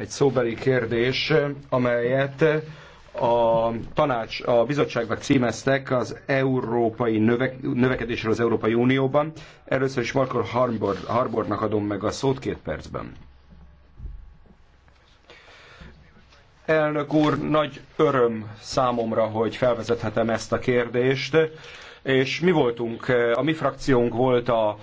egy szóbeli kérdés, amelyet a tanács, a bizottságnak címeztek az európai növe, növekedésről az Európai Unióban. Először is Markor Harbor, Harbornak adom meg a szót két percben. Elnök úr, nagy öröm számomra, hogy felvezethetem ezt a kérdést, és mi voltunk, a mi frakciónk volt a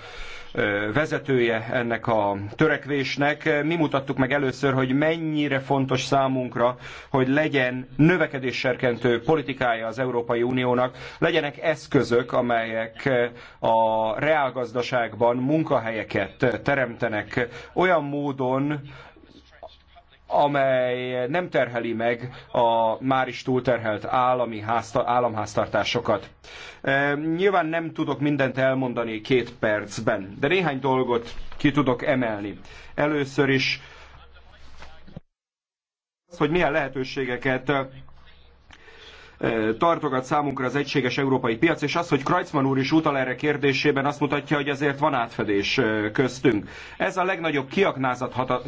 vezetője ennek a törekvésnek. Mi mutattuk meg először, hogy mennyire fontos számunkra, hogy legyen növekedésserkentő politikája az Európai Uniónak, legyenek eszközök, amelyek a reálgazdaságban munkahelyeket teremtenek olyan módon, amely nem terheli meg a már is túlterhelt állami házta, államháztartásokat. E, nyilván nem tudok mindent elmondani két percben, de néhány dolgot ki tudok emelni. Először is, hogy milyen lehetőségeket tartogat számunkra az egységes európai piac, és az, hogy Kreutzmann úr is utal erre kérdésében, azt mutatja, hogy ezért van átfedés köztünk. Ez a legnagyobb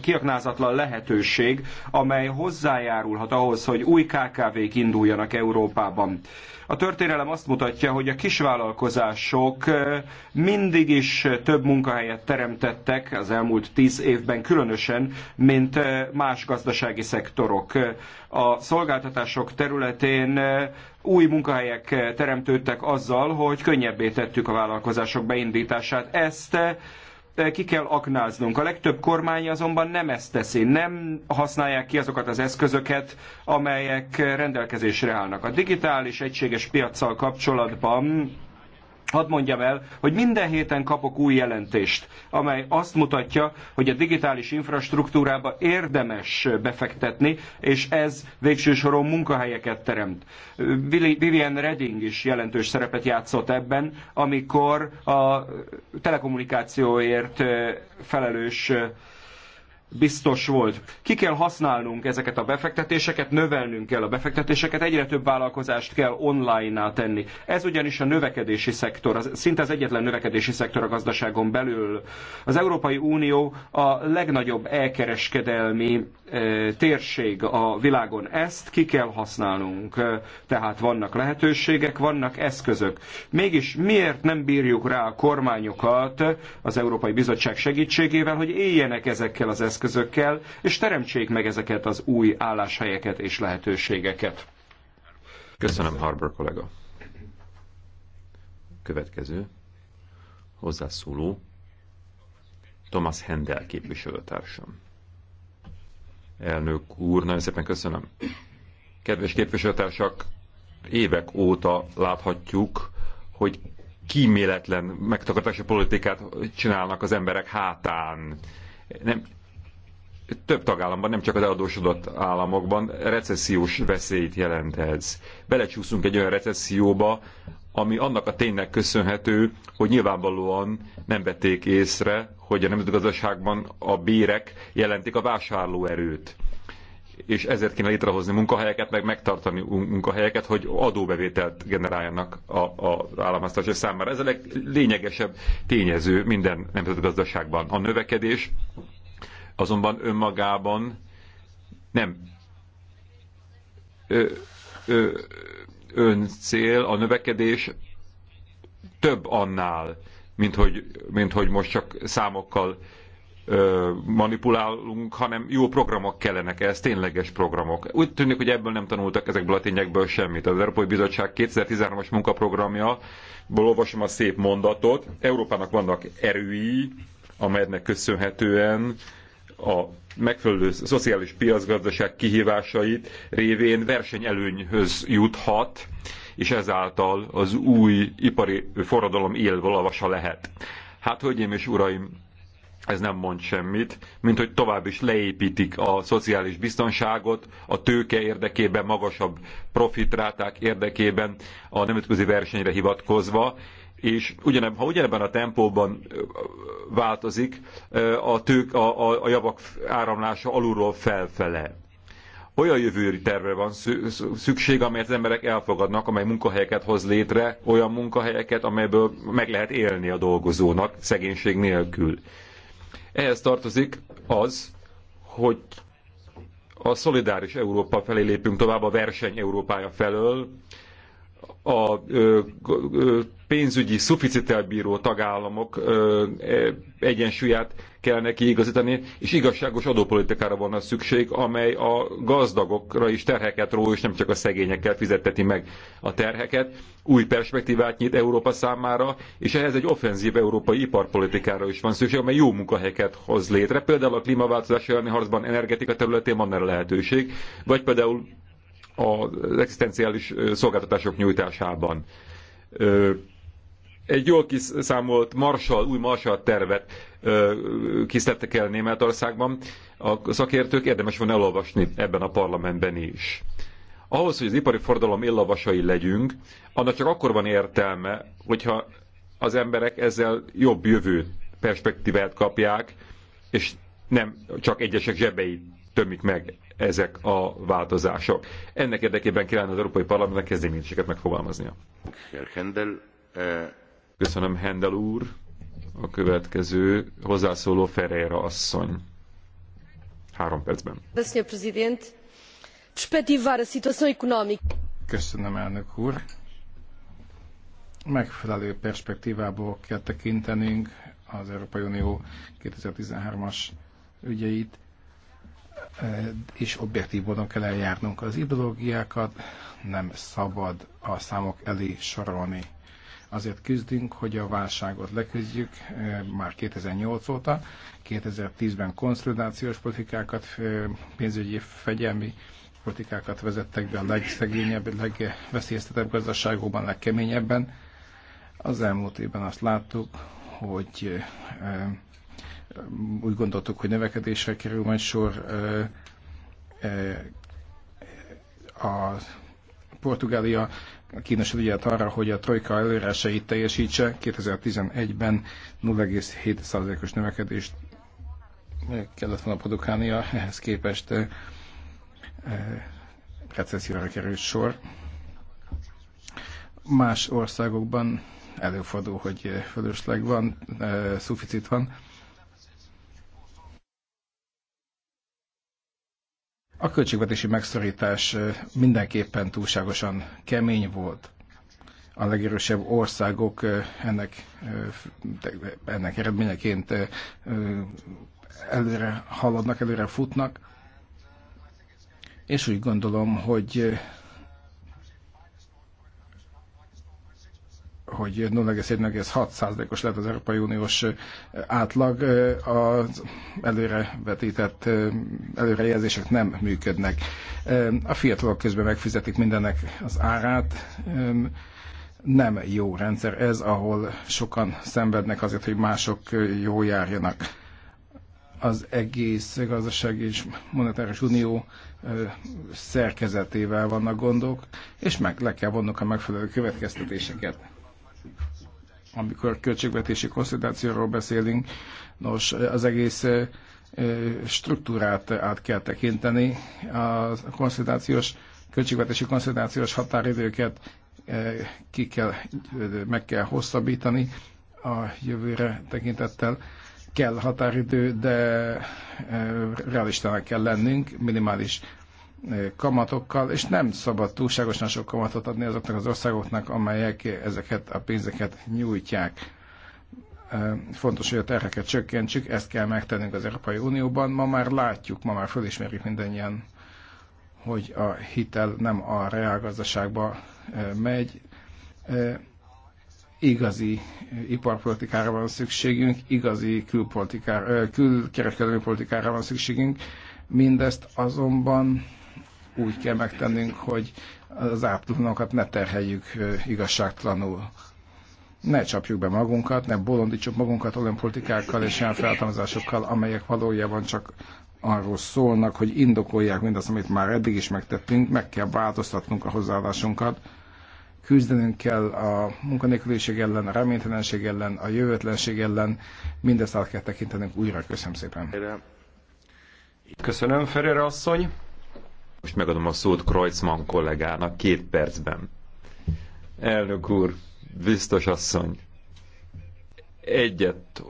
kiaknázatlan lehetőség, amely hozzájárulhat ahhoz, hogy új KKV-k induljanak Európában. A történelem azt mutatja, hogy a kisvállalkozások mindig is több munkahelyet teremtettek az elmúlt tíz évben különösen, mint más gazdasági szektorok a szolgáltatások területén eh, új munkahelyek eh, teremtődtek azzal, hogy könnyebbé tettük a vállalkozások beindítását. Ezt eh, ki kell aknáznunk. A legtöbb kormány azonban nem ezt teszi, nem használják ki azokat az eszközöket, amelyek rendelkezésre állnak. A digitális egységes piaccal kapcsolatban Hadd mondjam el, hogy minden héten kapok új jelentést, amely azt mutatja, hogy a digitális infrastruktúrába érdemes befektetni, és ez végső soron munkahelyeket teremt. Vivian Redding is jelentős szerepet játszott ebben, amikor a telekommunikációért felelős biztos volt. Ki kell használnunk ezeket a befektetéseket, növelnünk kell a befektetéseket, egyre több vállalkozást kell online-nál tenni. Ez ugyanis a növekedési szektor, az, szinte az egyetlen növekedési szektor a gazdaságon belül. Az Európai Unió a legnagyobb elkereskedelmi e, térség a világon. Ezt ki kell használnunk. Tehát vannak lehetőségek, vannak eszközök. Mégis miért nem bírjuk rá a kormányokat az Európai Bizottság segítségével, hogy éljenek ezekkel az eszközökkel? eszközökkel, és teremtsék meg ezeket az új álláshelyeket és lehetőségeket. Köszönöm, Harbour kollega. Következő hozzászóló Thomas Hendel képviselőtársam. Elnök úr, nagyon szépen köszönöm. Kedves képviselőtársak, évek óta láthatjuk, hogy kíméletlen megtakarítási politikát csinálnak az emberek hátán. Nem, több tagállamban, nem csak az eladósodott államokban recessziós veszélyt jelent ez. Belecsúszunk egy olyan recesszióba, ami annak a ténynek köszönhető, hogy nyilvánvalóan nem vették észre, hogy a nemzetgazdaságban a bérek jelentik a vásárlóerőt. És ezért kéne létrehozni munkahelyeket, meg megtartani munkahelyeket, hogy adóbevételt generáljanak az államháztartás számára. Ez a leglényegesebb tényező minden nemzetgazdaságban. A növekedés, azonban önmagában nem ö, ö, ön cél, a növekedés több annál, mint hogy, mint hogy most csak számokkal ö, manipulálunk, hanem jó programok kellenek ez, tényleges programok. Úgy tűnik, hogy ebből nem tanultak ezekből a tényekből semmit. Az Európai Bizottság 2013-as munkaprogramja, olvasom a szép mondatot, Európának vannak erői, amelynek köszönhetően a megfelelő szociális piacgazdaság kihívásait révén versenyelőnyhöz juthat, és ezáltal az új ipari forradalom élvalavasa lehet. Hát, hölgyeim és uraim, ez nem mond semmit, mint hogy tovább is leépítik a szociális biztonságot, a tőke érdekében, magasabb profitráták érdekében, a nemzetközi versenyre hivatkozva, és ugyaneb, ha ugyanebben a tempóban változik a, tők, a, a, a javak áramlása alulról felfele. Olyan jövőri tervre van szükség, amelyet az emberek elfogadnak, amely munkahelyeket hoz létre, olyan munkahelyeket, amelyből meg lehet élni a dolgozónak szegénység nélkül. Ehhez tartozik az, hogy a szolidáris Európa felé lépünk tovább a verseny Európája felől, a pénzügyi szuficitel bíró tagállamok e, egyensúlyát kellene kiigazítani, és igazságos adópolitikára van a szükség, amely a gazdagokra is terheket ró, és nem csak a szegényekkel fizetteti meg a terheket. Új perspektívát nyit Európa számára, és ehhez egy offenzív európai iparpolitikára is van szükség, amely jó munkahelyeket hoz létre. Például a klímaváltozás elleni harcban energetika területén van erre lehetőség, vagy például az egzisztenciális szolgáltatások nyújtásában. Egy jól kiszámolt marsal, új marsal tervet készítettek el Németországban. A szakértők érdemes van elolvasni ebben a parlamentben is. Ahhoz, hogy az ipari fordalom illavasai legyünk, annak csak akkor van értelme, hogyha az emberek ezzel jobb jövő perspektívát kapják, és nem csak egyesek zsebeit tömik meg ezek a változások. Ennek érdekében kellene az Európai Parlamentnek kezdeményezéseket megfogalmaznia. Hendel, eh, Köszönöm, Hendel úr. A következő hozzászóló Ferreira asszony. Három percben. Köszönöm, elnök úr. Megfelelő perspektívából kell tekintenünk az Európai Unió 2013-as ügyeit Eh, és objektív módon kell eljárnunk. Az ideológiákat nem szabad a számok elé sorolni. Azért küzdünk, hogy a válságot leküzdjük eh, már 2008 óta, 2010-ben konszolidációs politikákat, eh, pénzügyi fegyelmi politikákat vezettek be a legszegényebb, legveszélyeztetebb gazdaságokban, legkeményebben. Az elmúlt évben azt láttuk, hogy úgy gondoltuk, hogy növekedésre kerül majd sor. A Portugália kínos ügyet arra, hogy a trojka előrásait teljesítse. 2011-ben 0,7%-os növekedést kellett volna produkálnia, ehhez képest recesszióra került sor. Más országokban előfordul, hogy fölösleg van, szuficit van. A költségvetési megszorítás mindenképpen túlságosan kemény volt. A legerősebb országok ennek, ennek eredményeként előre haladnak, előre futnak, és úgy gondolom, hogy hogy 0,1-0,6%-os lett az Európai Uniós átlag, az előre vetített előrejelzések nem működnek. A fiatalok közben megfizetik mindennek az árát. Nem jó rendszer ez, ahol sokan szenvednek azért, hogy mások jó járjanak. Az egész gazdasági és monetáris unió szerkezetével vannak gondok, és meg le kell vonnunk a megfelelő következtetéseket amikor költségvetési konszolidációról beszélünk, nos, az egész struktúrát át kell tekinteni. A konszolidációs, költségvetési konszolidációs határidőket ki kell, meg kell hosszabbítani a jövőre tekintettel. Kell határidő, de realistának kell lennünk, minimális kamatokkal, és nem szabad túlságosan sok kamatot adni azoknak az országoknak, amelyek ezeket a pénzeket nyújtják. Fontos, hogy a terheket csökkentsük, ezt kell megtennünk az Európai Unióban. Ma már látjuk, ma már fölismerjük mindannyian, hogy a hitel nem a reálgazdaságba megy. Igazi iparpolitikára van szükségünk, igazi külpolitikára, külkereskedelmi politikára van szükségünk. Mindezt azonban úgy kell megtennünk, hogy az áptulanokat ne terheljük igazságtalanul. Ne csapjuk be magunkat, ne bolondítsuk magunkat olyan politikákkal és olyan feltámazásokkal, amelyek valójában csak arról szólnak, hogy indokolják mindazt, amit már eddig is megtettünk, meg kell változtatnunk a hozzáállásunkat, küzdenünk kell a munkanélküliség ellen, a reménytelenség ellen, a jövőtlenség ellen, mindezt át kell tekintenünk újra. Köszönöm szépen. Köszönöm, Ferére asszony. Most megadom a szót Kreuzmann kollégának két percben. Elnök úr, biztos asszony, egyet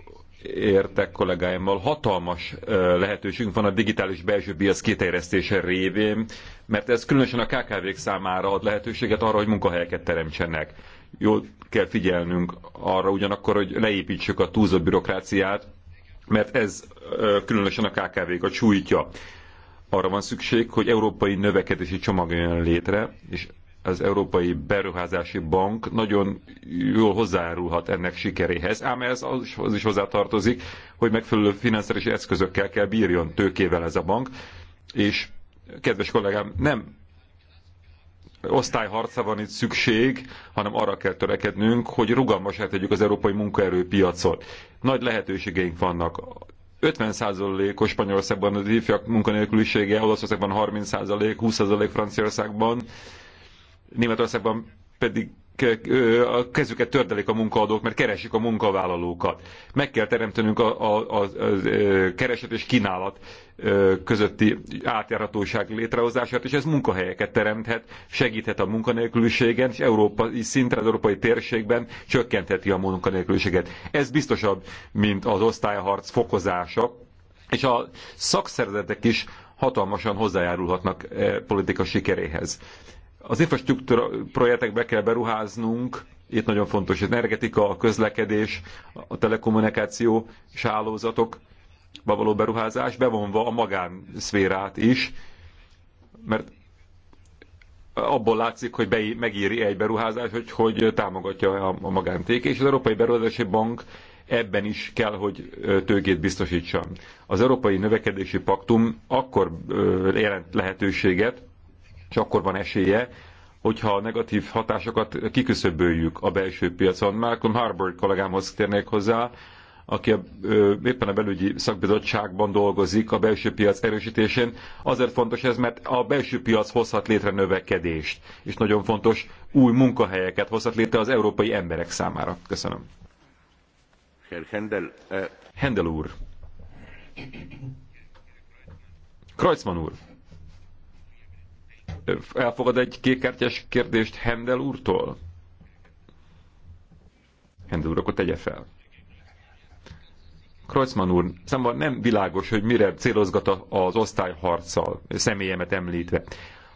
értek kollégáimmal, hatalmas lehetőségünk van a digitális belső piac kiterjesztése révén, mert ez különösen a KKV-k számára ad lehetőséget arra, hogy munkahelyeket teremtsenek. Jó, kell figyelnünk arra ugyanakkor, hogy leépítsük a túlzott bürokráciát, mert ez különösen a KKV-kat sújtja arra van szükség, hogy európai növekedési csomag jön létre, és az Európai Beruházási Bank nagyon jól hozzárulhat ennek sikeréhez, ám ez az, az is hozzátartozik, hogy megfelelő finanszírozási eszközökkel kell bírjon tőkével ez a bank, és kedves kollégám, nem osztályharca van itt szükség, hanem arra kell törekednünk, hogy rugalmasá tegyük az európai munkaerőpiacot. Nagy lehetőségeink vannak 50%-os Spanyolországban az ifjak munkanélkülisége, Olaszországban 30%, 20% Franciaországban, Németországban pedig a kezüket tördelik a munkaadók, mert keresik a munkavállalókat. Meg kell teremtenünk a, a, a, a kereset és kínálat közötti átjárhatóság létrehozását, és ez munkahelyeket teremthet, segíthet a munkanélküliségen, és európai szinten, az európai térségben csökkentheti a munkanélküliséget. Ez biztosabb, mint az osztályharc fokozása, és a szakszervezetek is hatalmasan hozzájárulhatnak e, politika sikeréhez. Az infrastruktúra projektekbe kell beruháznunk, itt nagyon fontos az energetika, a közlekedés, a telekommunikáció és hálózatok való beruházás, bevonva a magánszférát is, mert abból látszik, hogy megéri egy beruházás, hogy, hogy támogatja a, magántéke, és az Európai Beruházási Bank ebben is kell, hogy tőkét biztosítsa. Az Európai Növekedési Paktum akkor jelent lehetőséget, és akkor van esélye, hogyha a negatív hatásokat kiküszöböljük a belső piacon. Malcolm Harbour kollégámhoz térnék hozzá, aki a, ö, éppen a belügyi szakbizottságban dolgozik a belső piac erősítésén. Azért fontos ez, mert a belső piac hozhat létre növekedést, és nagyon fontos új munkahelyeket hozhat létre az európai emberek számára. Köszönöm. Herr Hendel, uh... Hendel úr. Kreuzmann úr. Elfogad egy kékkártyás kérdést Hendel úrtól? Hendel úr, akkor tegye fel. Kreuzmann úr, számomra szóval nem világos, hogy mire célozgat az osztályharccal, személyemet említve.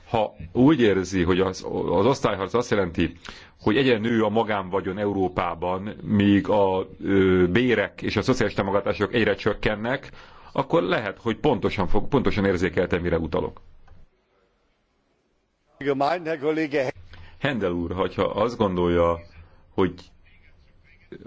Ha úgy érzi, hogy az, az osztályharc azt jelenti, hogy egyre nő a magánvagyon Európában, míg a ö, bérek és a szociális támogatások egyre csökkennek, akkor lehet, hogy pontosan, fog, pontosan érzékeltem, mire utalok. Hendel úr, hogyha azt gondolja, hogy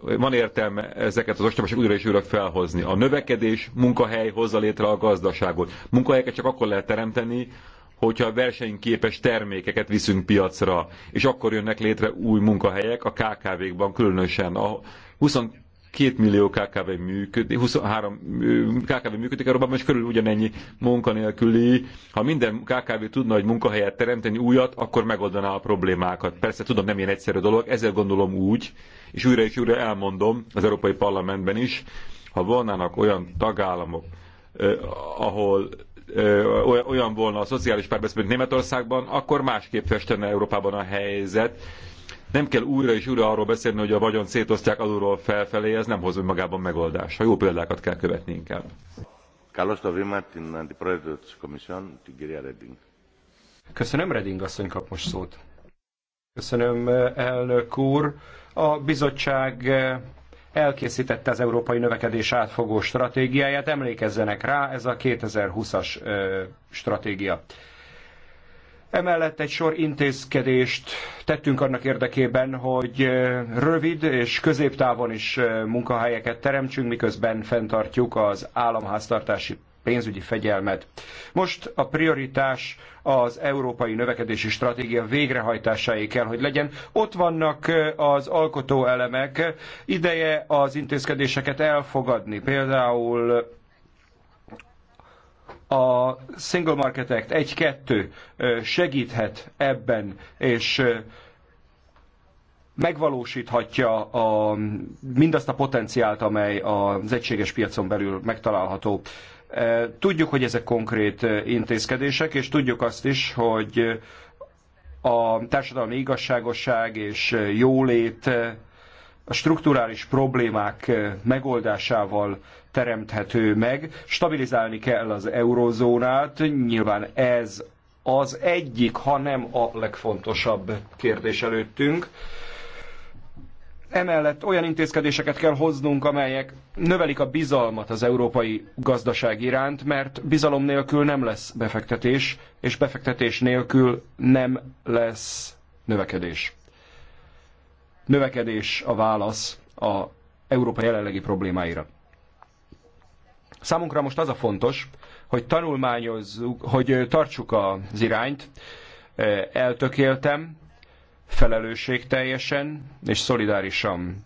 van értelme ezeket az ostobaság újra és újra felhozni. A növekedés, munkahely hozza létre a gazdaságot. Munkahelyeket csak akkor lehet teremteni, hogyha versenyképes termékeket viszünk piacra, és akkor jönnek létre új munkahelyek, a KKV-kban különösen. A 20 2 millió KKV működik, 23 KKV működik Európában, és körül ugyanennyi munkanélküli. Ha minden KKV tudna egy munkahelyet teremteni, újat, akkor megoldaná a problémákat. Persze tudom, nem ilyen egyszerű dolog, Ezzel gondolom úgy, és újra és újra elmondom az Európai Parlamentben is, ha volnának olyan tagállamok, eh, ahol eh, olyan volna a szociális párbeszéd, mint Németországban, akkor másképp festene Európában a helyzet nem kell újra és újra arról beszélni, hogy a vagyon szétosztják alulról felfelé, ez nem hoz magában megoldást. A jó példákat kell követni inkább. Köszönöm, Reding asszony kap most szót. Köszönöm, elnök úr. A bizottság eh, elkészítette az Európai Növekedés átfogó stratégiáját. Emlékezzenek rá, ez a 2020-as eh, stratégia. Emellett egy sor intézkedést tettünk annak érdekében, hogy rövid és középtávon is munkahelyeket teremtsünk, miközben fenntartjuk az államháztartási pénzügyi fegyelmet. Most a prioritás az európai növekedési stratégia végrehajtásáé kell, hogy legyen. Ott vannak az alkotó elemek, ideje az intézkedéseket elfogadni, például a Single Market Act 1-2 segíthet ebben, és megvalósíthatja a, mindazt a potenciált, amely az egységes piacon belül megtalálható. Tudjuk, hogy ezek konkrét intézkedések, és tudjuk azt is, hogy a társadalmi igazságosság és jólét a strukturális problémák megoldásával teremthető meg. Stabilizálni kell az eurozónát, nyilván ez az egyik, ha nem a legfontosabb kérdés előttünk. Emellett olyan intézkedéseket kell hoznunk, amelyek növelik a bizalmat az európai gazdaság iránt, mert bizalom nélkül nem lesz befektetés, és befektetés nélkül nem lesz növekedés. Növekedés a válasz a Európa jelenlegi problémáira. Számunkra most az a fontos, hogy tanulmányozzuk, hogy tartsuk az irányt, eltökéltem, teljesen és szolidárisan.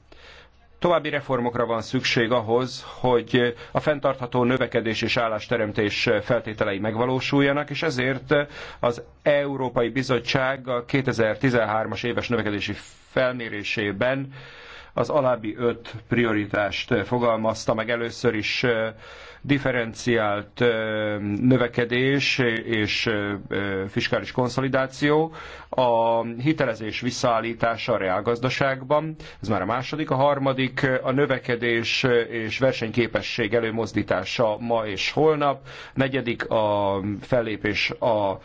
További reformokra van szükség ahhoz, hogy a fenntartható növekedés és állásteremtés feltételei megvalósuljanak, és ezért az Európai Bizottság a 2013-as éves növekedési felmérésében az alábbi öt prioritást fogalmazta meg először is differenciált növekedés és fiskális konszolidáció, a hitelezés visszaállítása a reálgazdaságban, ez már a második, a harmadik a növekedés és versenyképesség előmozdítása ma és holnap, negyedik a fellépés a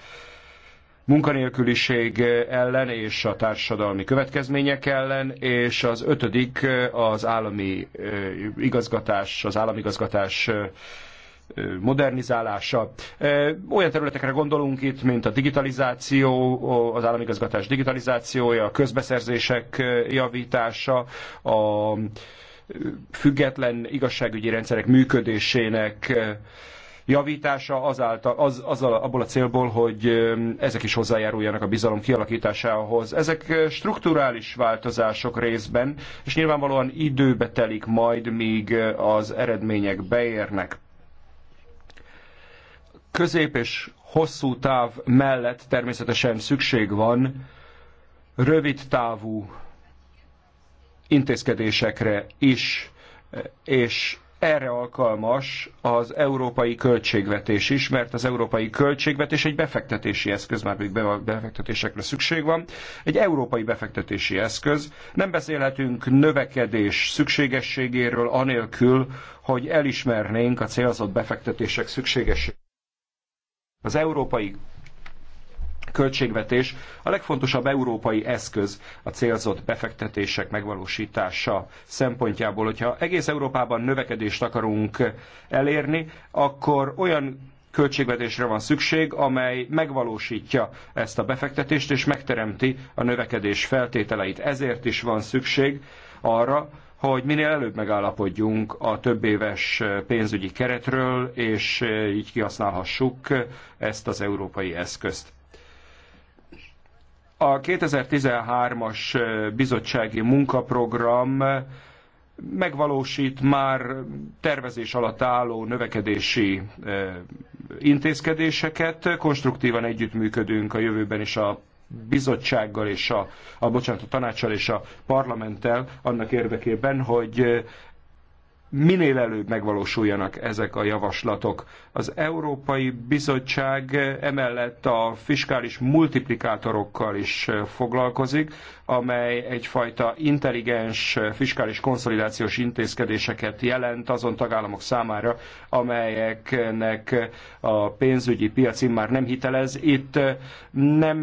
munkanélküliség ellen és a társadalmi következmények ellen, és az ötödik az állami eh, igazgatás, az államigazgatás eh, modernizálása. Eh, olyan területekre gondolunk itt, mint a digitalizáció, az államigazgatás digitalizációja, a közbeszerzések javítása, a független igazságügyi rendszerek működésének javítása azáltal, az, az a, abból a célból, hogy ezek is hozzájáruljanak a bizalom kialakításához. Ezek strukturális változások részben, és nyilvánvalóan időbe telik majd, míg az eredmények beérnek. Közép és hosszú táv mellett természetesen szükség van rövid távú intézkedésekre is, és erre alkalmas az európai költségvetés is, mert az európai költségvetés egy befektetési eszköz, már pedig befektetésekre szükség van, egy európai befektetési eszköz. Nem beszélhetünk növekedés szükségességéről anélkül, hogy elismernénk a célzott befektetések szükségességét. Az európai költségvetés a legfontosabb európai eszköz a célzott befektetések megvalósítása szempontjából. Hogyha egész Európában növekedést akarunk elérni, akkor olyan költségvetésre van szükség, amely megvalósítja ezt a befektetést és megteremti a növekedés feltételeit. Ezért is van szükség arra, hogy minél előbb megállapodjunk a több éves pénzügyi keretről, és így kihasználhassuk ezt az európai eszközt. A 2013-as bizottsági munkaprogram megvalósít már tervezés alatt álló növekedési intézkedéseket. Konstruktívan együttműködünk a jövőben is a bizottsággal és a, a bocsánat, a tanácssal és a parlamenttel annak érdekében, hogy minél előbb megvalósuljanak ezek a javaslatok. Az Európai Bizottság emellett a fiskális multiplikátorokkal is eh, foglalkozik, amely egyfajta intelligens fiskális konszolidációs intézkedéseket jelent azon tagállamok számára, amelyeknek a pénzügyi piac már nem hitelez. Itt nem,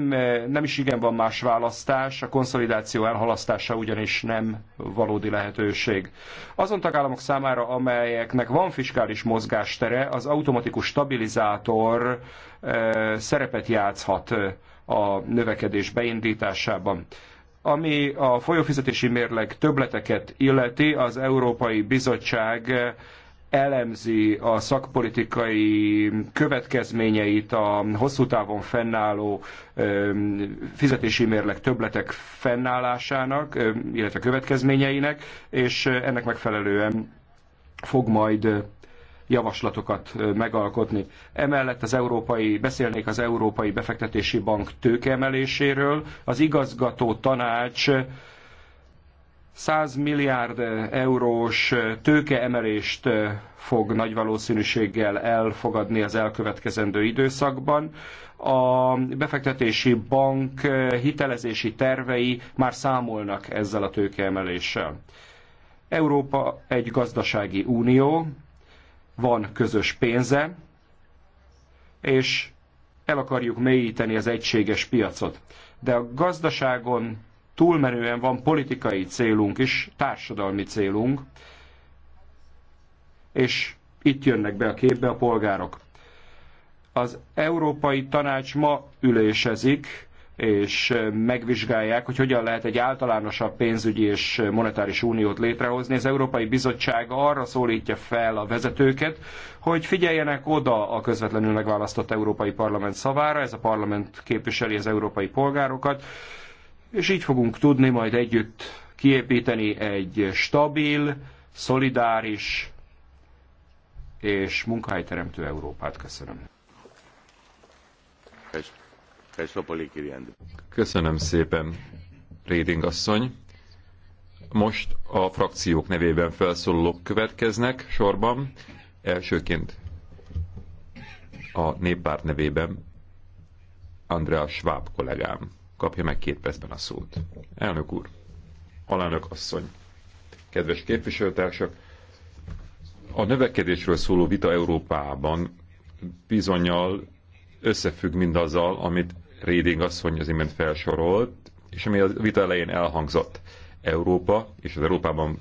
nem is igen van más választás, a konszolidáció elhalasztása ugyanis nem valódi lehetőség. Azon tagállamok számára, amelyeknek van fiskális mozgástere, az automatikus stabilizátor eh, szerepet játszhat a növekedés beindításában. Ami a folyófizetési mérleg töbleteket illeti, az Európai Bizottság elemzi a szakpolitikai következményeit a hosszú távon fennálló fizetési mérleg többletek fennállásának, illetve következményeinek, és ennek megfelelően fog majd javaslatokat megalkotni. Emellett az európai, beszélnék az Európai Befektetési Bank tőkeemeléséről, az igazgató tanács 100 milliárd eurós tőkeemelést fog nagy valószínűséggel elfogadni az elkövetkezendő időszakban. A befektetési bank hitelezési tervei már számolnak ezzel a tőkeemeléssel. Európa egy gazdasági unió, van közös pénze, és el akarjuk mélyíteni az egységes piacot. De a gazdaságon túlmenően van politikai célunk is, társadalmi célunk, és itt jönnek be a képbe a polgárok. Az Európai Tanács ma ülésezik, és megvizsgálják, hogy hogyan lehet egy általánosabb pénzügyi és monetáris uniót létrehozni. Az Európai Bizottság arra szólítja fel a vezetőket, hogy figyeljenek oda a közvetlenül megválasztott Európai Parlament szavára, ez a parlament képviseli az európai polgárokat, és így fogunk tudni majd együtt kiépíteni egy stabil, szolidáris és munkahelyteremtő Európát. Köszönöm. Köszönöm. Köszönöm szépen, Réding asszony. Most a frakciók nevében felszólalók következnek sorban. Elsőként a néppárt nevében Andrea Schwab kollégám kapja meg két percben a szót. Elnök úr, alelnök asszony, kedves képviselőtársak, a növekedésről szóló vita Európában bizonyal összefügg mindazzal, amit Reading asszony az imént felsorolt, és ami a vita elején elhangzott. Európa és az Európában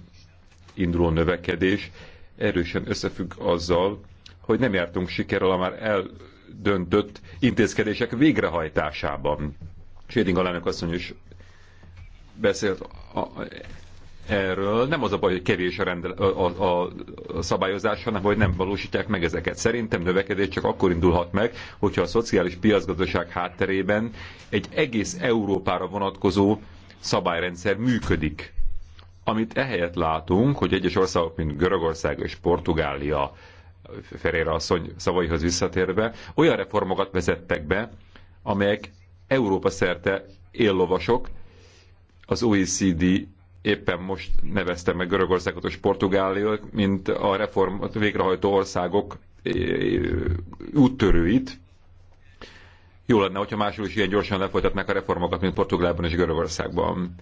induló növekedés erősen összefügg azzal, hogy nem jártunk sikerrel a már eldöntött intézkedések végrehajtásában. Séding alelnök asszony is beszélt erről. Nem az a baj, hogy kevés a, rendel, a, a, a szabályozás, hanem hogy nem valósítják meg ezeket. Szerintem növekedés csak akkor indulhat meg, hogyha a szociális piacgazdaság hátterében egy egész Európára vonatkozó szabályrendszer működik. Amit ehelyett látunk, hogy egyes országok, mint Görögország és Portugália, Ferére asszony szavaihoz visszatérve, olyan reformokat vezettek be, amelyek Európa szerte éllovasok, az OECD éppen most nevezte meg Görögországot és Portugáliát, mint a reform végrehajtó országok úttörőit. Jó lenne, hogyha máshol is ilyen gyorsan lefolytatnák a reformokat, mint Portugálban és Görögországban.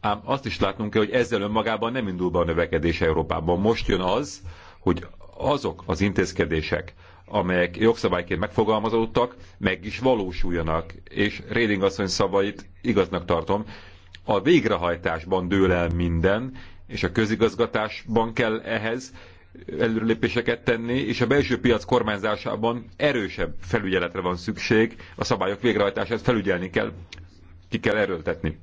Ám azt is látnunk kell, hogy ezzel önmagában nem indul be a növekedés Európában. Most jön az, hogy azok az intézkedések, amelyek jogszabályként megfogalmazódtak, meg is valósuljanak, és Réding asszony szavait igaznak tartom, a végrehajtásban dől el minden, és a közigazgatásban kell ehhez előrelépéseket tenni, és a belső piac kormányzásában erősebb felügyeletre van szükség, a szabályok végrehajtását felügyelni kell, ki kell erőltetni.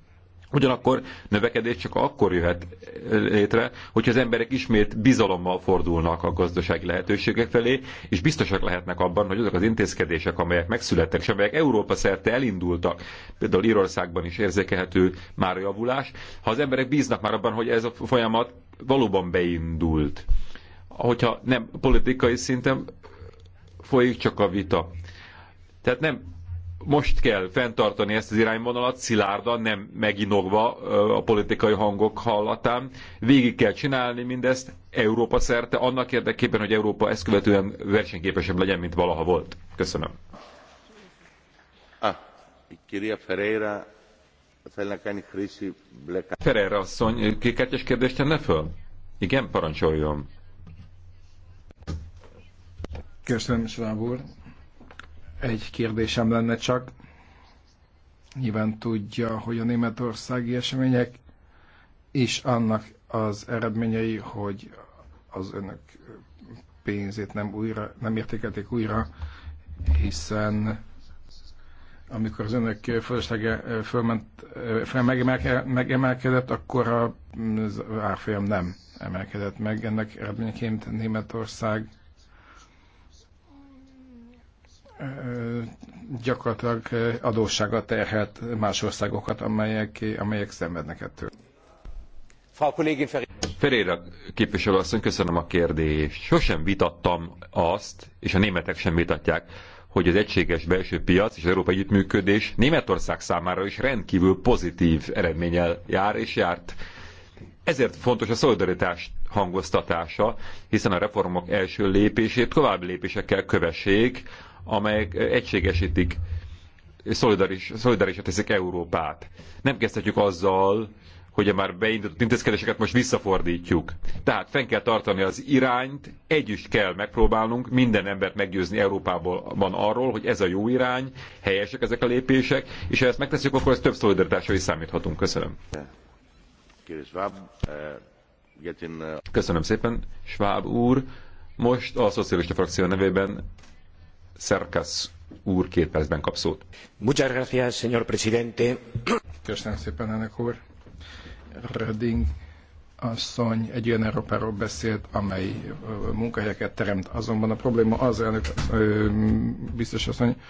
Ugyanakkor növekedés csak akkor jöhet eh, létre, hogyha az emberek ismét bizalommal fordulnak a gazdasági lehetőségek felé, és biztosak lehetnek abban, hogy azok az intézkedések, amelyek megszülettek, és amelyek Európa szerte elindultak, például Írországban is érzékelhető már a javulás, ha az emberek bíznak már abban, hogy ez a folyamat valóban beindult. Hogyha nem politikai szinten folyik csak a vita. Tehát nem most kell fenntartani ezt az irányvonalat, szilárdan, nem meginogva a politikai hangok hallatán. Végig kell csinálni mindezt Európa szerte, annak érdekében, hogy Európa ezt követően versenyképesebb legyen, mint valaha volt. Köszönöm. Ah, Kiria Ferreira, Ferreira asszony, kékkártyás kérdést tenne föl? Igen, parancsoljon. Köszönöm, Schwab egy kérdésem lenne csak. Nyilván tudja, hogy a németországi események és annak az eredményei, hogy az önök pénzét nem, újra, nem értékelték újra, hiszen amikor az önök fölöslege fölment, föl megemelkedett, akkor mm, az árfolyam nem emelkedett meg. Ennek eredményeként Németország gyakorlatilag adóssága terhet más országokat, amelyek, amelyek szenvednek ettől. Frau Kollégin Ferreira képviselő asszony, köszönöm a kérdést. Sosem vitattam azt, és a németek sem vitatják, hogy az egységes belső piac és az európai együttműködés Németország számára is rendkívül pozitív eredménnyel jár és járt. Ezért fontos a szolidaritás hangoztatása, hiszen a reformok első lépését további lépésekkel kövessék, amelyek egységesítik, szolidarisat teszik Európát. Nem kezdhetjük azzal, hogy a már beindított intézkedéseket most visszafordítjuk. Tehát fenn kell tartani az irányt, együtt kell megpróbálnunk minden embert meggyőzni Európában van arról, hogy ez a jó irány, helyesek ezek a lépések, és ha ezt megteszünk, akkor ez több szolidaritásra is számíthatunk. Köszönöm. Köszönöm szépen, Schwab úr. Most a szocialista frakció nevében Szerkesz úr két percben kap szót. Muchas gracias, señor presidente. Köszönöm szépen, elnök úr. Redding asszony egy olyan Európáról beszélt, amely munkahelyeket teremt. Azonban a probléma az, elnök biztos asszony,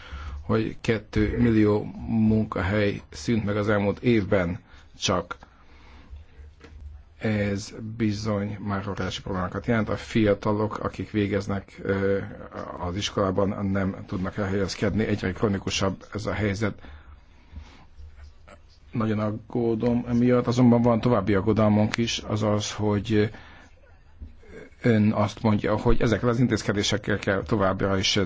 hogy 2 millió munkahely szűnt meg az elmúlt évben csak ez bizony már oktatási problémákat jelent. A fiatalok, akik végeznek az iskolában, nem tudnak elhelyezkedni, egyre kronikusabb ez a helyzet. Nagyon aggódom emiatt, azonban van további aggodalmunk is, az az, hogy ön azt mondja, hogy ezekkel az intézkedésekkel kell továbbra is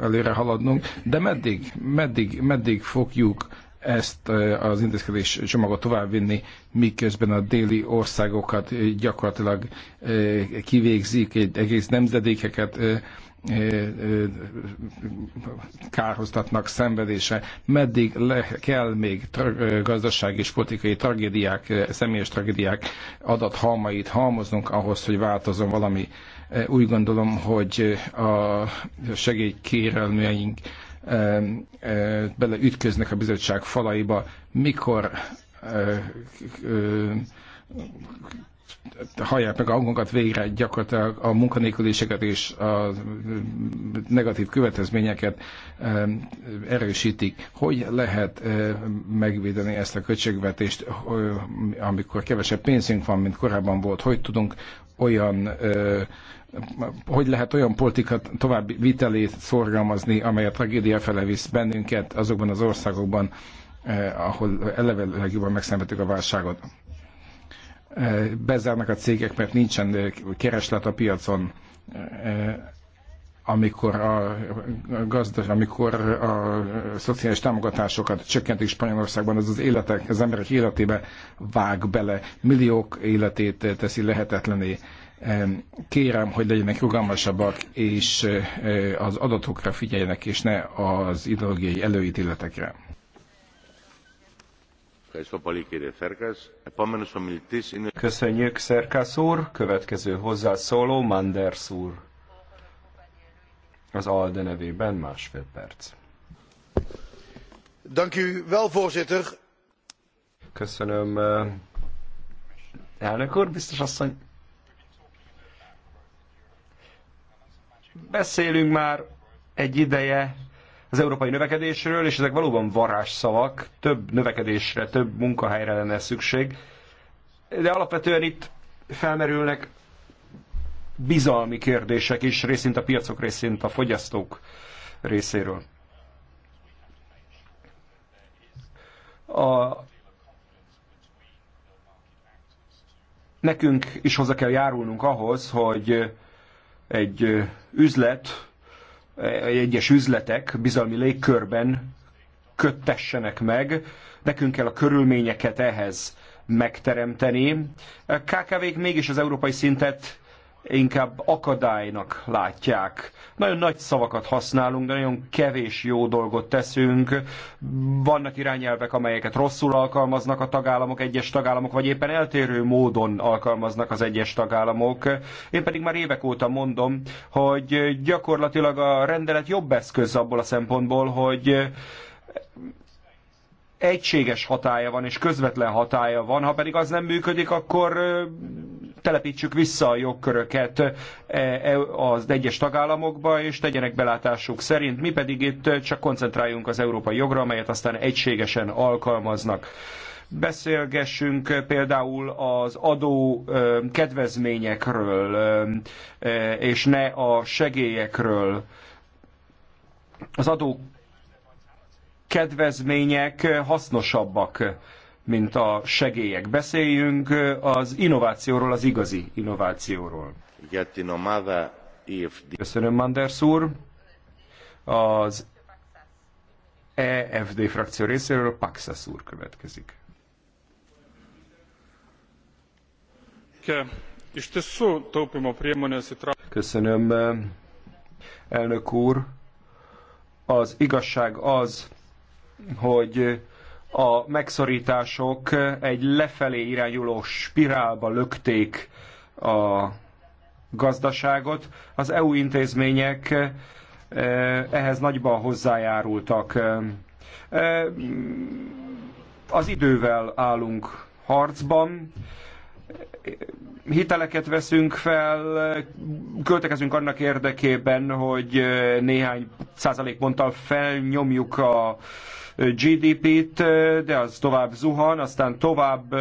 előre haladnunk, de meddig, meddig, meddig fogjuk ezt az intézkedés csomagot továbbvinni, miközben a déli országokat gyakorlatilag kivégzik, egy egész nemzedékeket kárhoztatnak szenvedése, meddig le, kell még tra- gazdasági és politikai tragédiák, személyes tragédiák adathalmait halmoznunk ahhoz, hogy változom valami. Úgy gondolom, hogy a segélykérelmjeink E, beleütköznek a bizottság falaiba, mikor e, e, hallják meg a hangunkat végre gyakorlatilag a munkanélküléseket és a negatív következményeket erősítik. Hogy lehet megvédeni ezt a költségvetést, amikor kevesebb pénzünk van, mint korábban volt? Hogy tudunk olyan hogy lehet olyan politikát további vitelét szorgalmazni, amely a tragédia fele visz bennünket azokban az országokban, eh, ahol eleve legjobban megszenvedtük a válságot. Eh, bezárnak a cégek, mert nincsen eh, kereslet a piacon. Eh, amikor a gazdag, amikor a szociális támogatásokat csökkentik Spanyolországban, az az életek, az emberek életébe vág bele, milliók életét teszi lehetetlené. Kérem, hogy legyenek rugalmasabbak, és az adatokra figyeljenek, és ne az ideológiai előítéletekre. Köszönjük, Szerkász úr. Következő hozzászóló, Manders úr. Az ALDE nevében másfél perc. Dank u wel, voorzitter. Köszönöm. Elnök úr, biztos asszony. Beszélünk már egy ideje az európai növekedésről, és ezek valóban varázsszavak, több növekedésre, több munkahelyre lenne szükség, de alapvetően itt felmerülnek bizalmi kérdések is, részint a piacok, részint a fogyasztók részéről. A... Nekünk is hozzá kell járulnunk ahhoz, hogy egy üzlet, egyes üzletek bizalmi légkörben köttessenek meg, nekünk kell a körülményeket ehhez megteremteni. A KKV-k mégis az európai szintet inkább akadálynak látják. Nagyon nagy szavakat használunk, de nagyon kevés jó dolgot teszünk. Vannak irányelvek, amelyeket rosszul alkalmaznak a tagállamok, egyes tagállamok, vagy éppen eltérő módon alkalmaznak az egyes tagállamok. Én pedig már évek óta mondom, hogy gyakorlatilag a rendelet jobb eszköz abból a szempontból, hogy egységes hatája van, és közvetlen hatája van, ha pedig az nem működik, akkor telepítsük vissza a jogköröket e, e, az egyes tagállamokba, és tegyenek belátásuk szerint, mi pedig itt csak koncentráljunk az európai jogra, amelyet aztán egységesen alkalmaznak beszélgessünk például az adó e, kedvezményekről, és ne a segélyekről. Az adó kedvezmények hasznosabbak mint a segélyek. Beszéljünk az innovációról, az igazi innovációról. Köszönöm, Manders úr. Az EFD frakció részéről Paxas úr következik. Köszönöm, elnök úr. Az igazság az, hogy a megszorítások egy lefelé irányuló spirálba lökték a gazdaságot. Az EU intézmények eh, ehhez nagyban hozzájárultak. Eh, mm, az idővel állunk harcban, hiteleket veszünk fel, költekezünk annak érdekében, hogy eh, néhány százalékponttal felnyomjuk a GDP-t, de az tovább zuhan, aztán tovább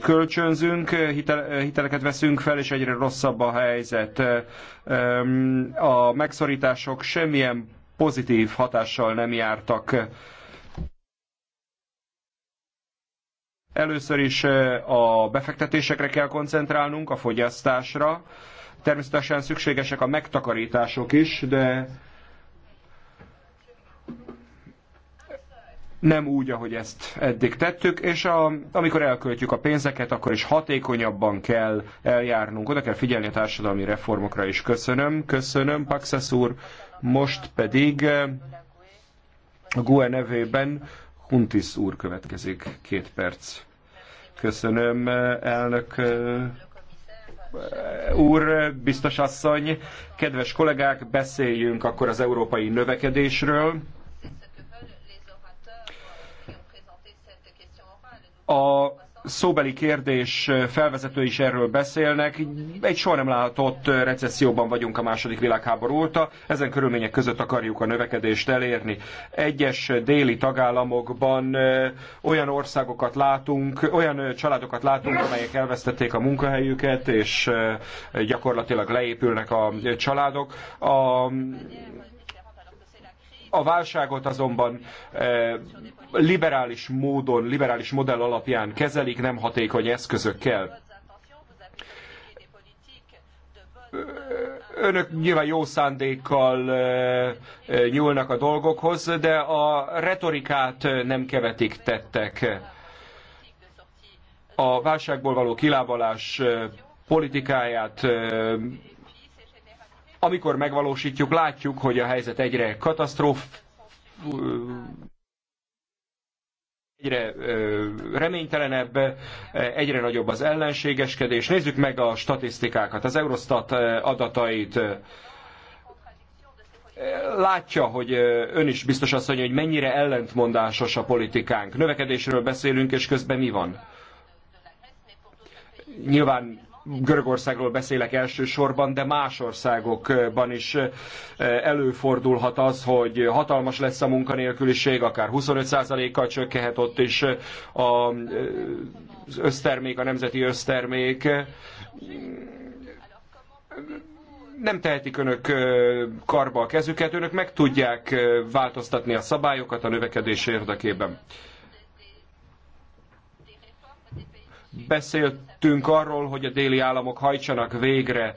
kölcsönzünk, hiteleket veszünk fel, és egyre rosszabb a helyzet. A megszorítások semmilyen pozitív hatással nem jártak. Először is a befektetésekre kell koncentrálnunk, a fogyasztásra. Természetesen szükségesek a megtakarítások is, de nem úgy, ahogy ezt eddig tettük, és a, amikor elköltjük a pénzeket, akkor is hatékonyabban kell eljárnunk, oda kell figyelni a társadalmi reformokra is. Köszönöm, köszönöm, Paxas úr. Most pedig eh, a GUE nevében Huntis úr következik, két perc. Köszönöm, eh, elnök eh, úr, biztos asszony, kedves kollégák, beszéljünk akkor az európai növekedésről A szóbeli kérdés felvezető is erről beszélnek. Egy soha nem látott recesszióban vagyunk a második világháború óta. Ezen körülmények között akarjuk a növekedést elérni. Egyes déli tagállamokban olyan országokat látunk, olyan családokat látunk, amelyek elvesztették a munkahelyüket, és gyakorlatilag leépülnek a családok. A a válságot azonban eh, liberális módon, liberális modell alapján kezelik, nem hatékony eszközökkel önök nyilván jó szándékkal eh, eh, nyúlnak a dolgokhoz, de a retorikát nem kevetik tettek. A válságból való kilábalás politikáját amikor megvalósítjuk, látjuk, hogy a helyzet egyre katasztróf, egyre reménytelenebb, egyre nagyobb az ellenségeskedés. Nézzük meg a statisztikákat, az Eurostat adatait. Látja, hogy ön is biztos azt mondja, hogy mennyire ellentmondásos a politikánk. Növekedésről beszélünk, és közben mi van? Nyilván Görögországról beszélek elsősorban, de más országokban is eh, előfordulhat az, hogy hatalmas lesz a munkanélküliség, akár 25%-kal csökkenhet ott is eh, eh, az össztermék, a nemzeti össztermék. Nem tehetik önök karba a kezüket, önök meg tudják változtatni a szabályokat a növekedés érdekében. Beszéltünk arról, hogy a déli államok hajtsanak végre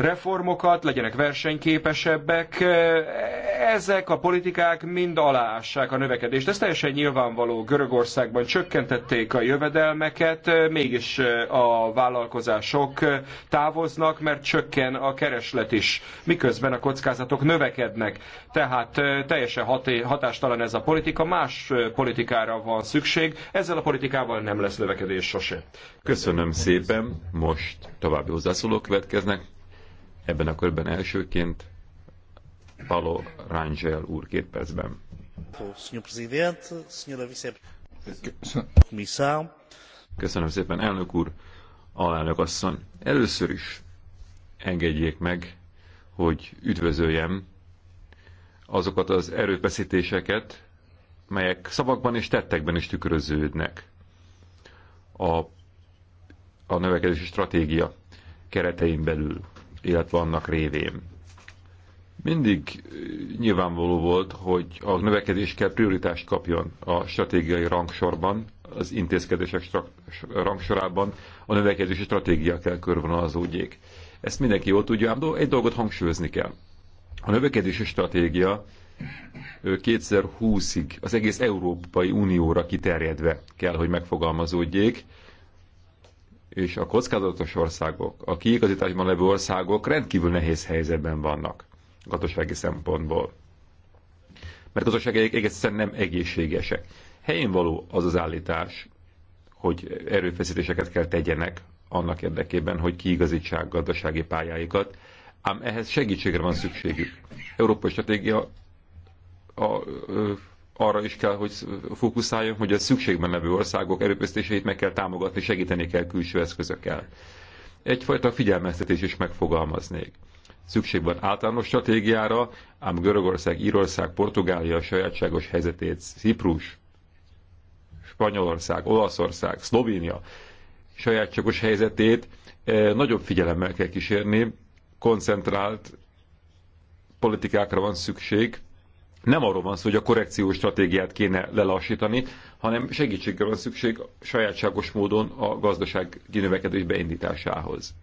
reformokat, legyenek versenyképesebbek. Ezek a politikák mind aláássák a növekedést. Ez teljesen nyilvánvaló. Görögországban csökkentették a jövedelmeket, mégis a vállalkozások távoznak, mert csökken a kereslet is, miközben a kockázatok növekednek. Tehát teljesen hatástalan ez a politika, más politikára van szükség. Ezzel a politikával nem lesz növekedés sose. Köszönöm szépen, most további hozzászólók következnek. Ebben a körben elsőként Paulo Rangel úr két percben. Köszönöm szépen, elnök úr, alelnök asszony. Először is engedjék meg, hogy üdvözöljem azokat az erőfeszítéseket, melyek szavakban és tettekben is tükröződnek a, a növekedési stratégia keretein belül illetve annak révén. Mindig eh, nyilvánvaló volt, hogy a növekedés kell prioritást kapjon a stratégiai rangsorban, az intézkedések rangsorában a növekedési stratégia kell körvonalazódjék. Ezt mindenki jól tudja, de egy dolgot hangsúlyozni kell. A növekedési stratégia 2020-ig az egész Európai Unióra kiterjedve kell, hogy megfogalmazódjék, és a kockázatos országok, a kiigazításban levő országok rendkívül nehéz helyzetben vannak gazdasági szempontból. Mert gazdasági egészen nem egészségesek. Helyén való az az állítás, hogy erőfeszítéseket kell tegyenek annak érdekében, hogy kiigazítsák gazdasági pályáikat, ám ehhez segítségre van szükségük. Európai Stratégia a arra is kell, hogy fókuszáljunk, hogy a szükségben levő országok erőfeszítéseit meg kell támogatni, segíteni kell külső eszközökkel. Egyfajta figyelmeztetés is megfogalmaznék. Szükség van általános stratégiára, ám Görögország, Írország, Portugália sajátságos helyzetét, Ciprus, Spanyolország, Olaszország, Szlovénia sajátságos helyzetét eh, nagyobb figyelemmel kell kísérni, koncentrált politikákra van szükség, nem arról van szó, hogy a korrekciós stratégiát kéne lelassítani, hanem segítségre van szükség sajátságos módon a gazdaság kinövekedés beindításához.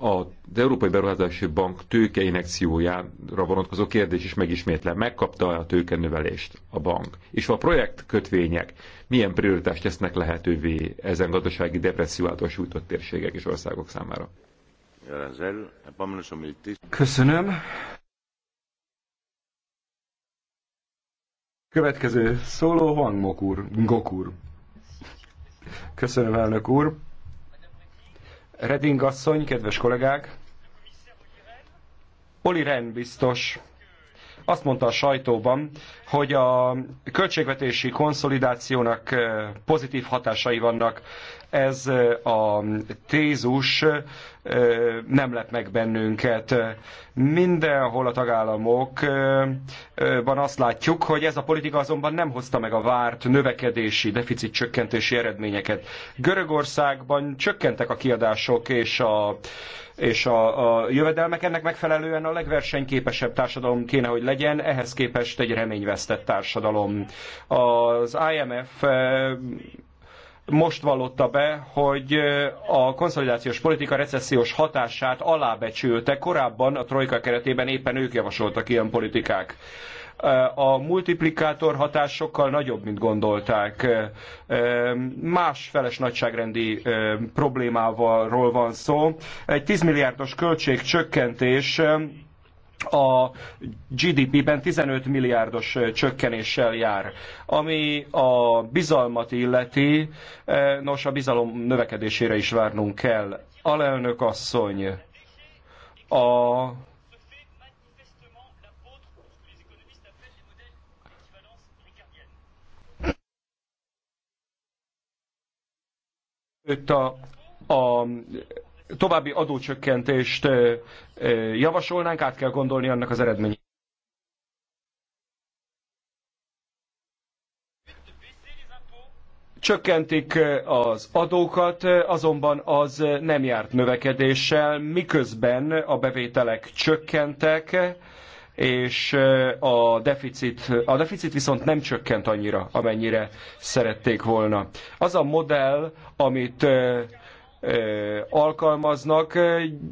A Európai Beruházási Bank tőkeinekciójára vonatkozó kérdés is megismétlen. Megkapta a tőkenövelést a bank? És a projekt kötvények milyen prioritást tesznek lehetővé ezen gazdasági depresszió által sújtott térségek és országok számára? Köszönöm. Következő szóló hangmok úr, Köszönöm, elnök úr. Reding asszony, kedves kollégák. Oli Ren biztos azt mondta a sajtóban, hogy a költségvetési konszolidációnak eh, pozitív hatásai vannak ez a tézus nem lep meg bennünket. Mindenhol a tagállamokban azt látjuk, hogy ez a politika azonban nem hozta meg a várt növekedési, deficit csökkentési eredményeket. Görögországban csökkentek a kiadások és a és a, a jövedelmek ennek megfelelően a legversenyképesebb társadalom kéne, hogy legyen, ehhez képest egy reményvesztett társadalom. Az IMF most vallotta be, hogy a konszolidációs politika recessziós hatását alábecsülte. Korábban a trojka keretében éppen ők javasoltak ilyen politikák a multiplikátor hatás sokkal nagyobb, mint gondolták. Más feles nagyságrendi problémával van szó. Egy 10 milliárdos költségcsökkentés a GDP-ben 15 milliárdos csökkenéssel jár. Ami a bizalmat illeti, e, nos, a bizalom növekedésére is várnunk kell. Alelnök asszony, a Itt a, a további adócsökkentést javasolnánk, át kell gondolni annak az eredményét. Csökkentik az adókat, azonban az nem járt növekedéssel, miközben a bevételek csökkentek, és a deficit, a deficit viszont nem csökkent annyira, amennyire szerették volna. Az a modell, amit alkalmaznak,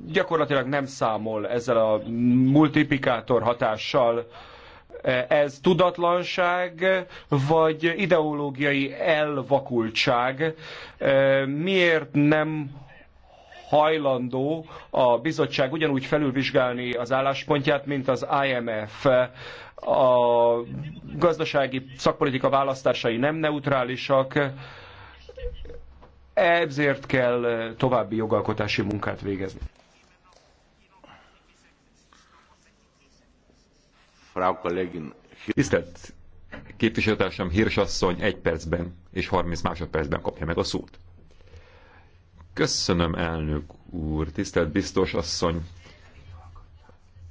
gyakorlatilag nem számol ezzel a multiplikátor hatással. Ez tudatlanság, vagy ideológiai elvakultság? Miért nem hajlandó a bizottság ugyanúgy felülvizsgálni az álláspontját, mint az IMF? A gazdasági szakpolitika választásai nem neutrálisak, ezért kell további jogalkotási munkát végezni. Frau Kollegin. Tisztelt képviselőtársam Hírsasszony egy percben és 30 másodpercben kapja meg a szót. Köszönöm, elnök úr, tisztelt biztos asszony.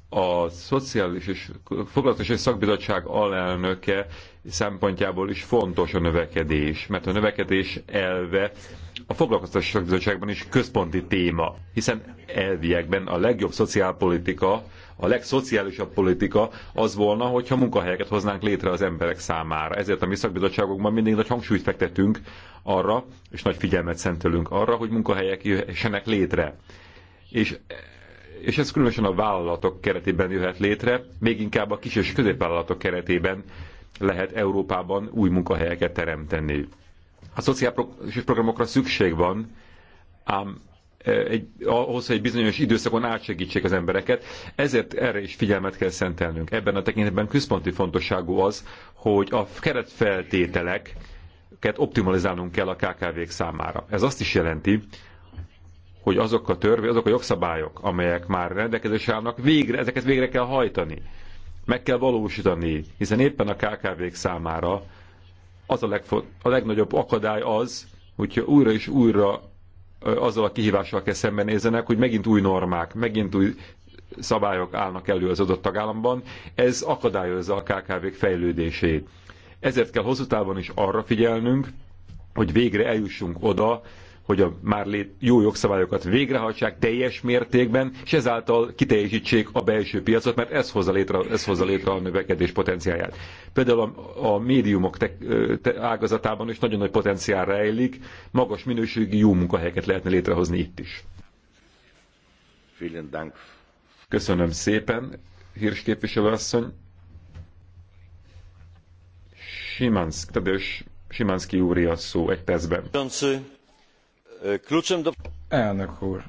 A Szociális és Foglalatos és Szakbizottság alelnöke szempontjából is fontos a növekedés, mert a növekedés elve a foglalkoztatási bizottságban is központi téma, hiszen elviekben a legjobb szociálpolitika, a legszociálisabb politika az volna, hogyha munkahelyeket hoznánk létre az emberek számára. Ezért a mi szakbizottságokban mindig nagy hangsúlyt fektetünk arra, és nagy figyelmet szentelünk arra, hogy munkahelyek jöhessenek létre. És és ez különösen a vállalatok keretében jöhet létre, még inkább a kis és középvállalatok keretében, lehet Európában új munkahelyeket teremteni. A szociális programokra szükség van, ám e, egy, ahhoz, hogy egy bizonyos időszakon átsegítsék az embereket. Ezért erre is figyelmet kell szentelnünk. Ebben a tekintetben központi fontosságú az, hogy a keretfeltételeket optimalizálnunk kell a KKV-k számára. Ez azt is jelenti, hogy azok a törvény, azok a jogszabályok, amelyek már rendelkezésre állnak, végre, ezeket végre kell hajtani meg kell valósítani, hiszen éppen a KKV-k számára az a, a legnagyobb akadály az, hogyha újra és újra azzal a kihívással kell szembenézenek, hogy megint új normák, megint új szabályok állnak elő az adott tagállamban, ez akadályozza a KKV-k fejlődését. Ezért kell hosszú távon is arra figyelnünk, hogy végre eljussunk oda, hogy a már jó jogszabályokat végrehajtsák teljes mértékben, és ezáltal kiteljesítsék a belső piacot, mert ez hozza létre, ez hozza létre a növekedés potenciáját. Például a, a médiumok te, te, ágazatában is nagyon nagy potenciál rejlik, magas minőségi jó munkahelyeket lehetne létrehozni itt is. Köszönöm szépen, Hírs képviselőasszony. Simansk, Tadeusz Simanski úr a szó egy percben. Köszönöm. Elnök úr,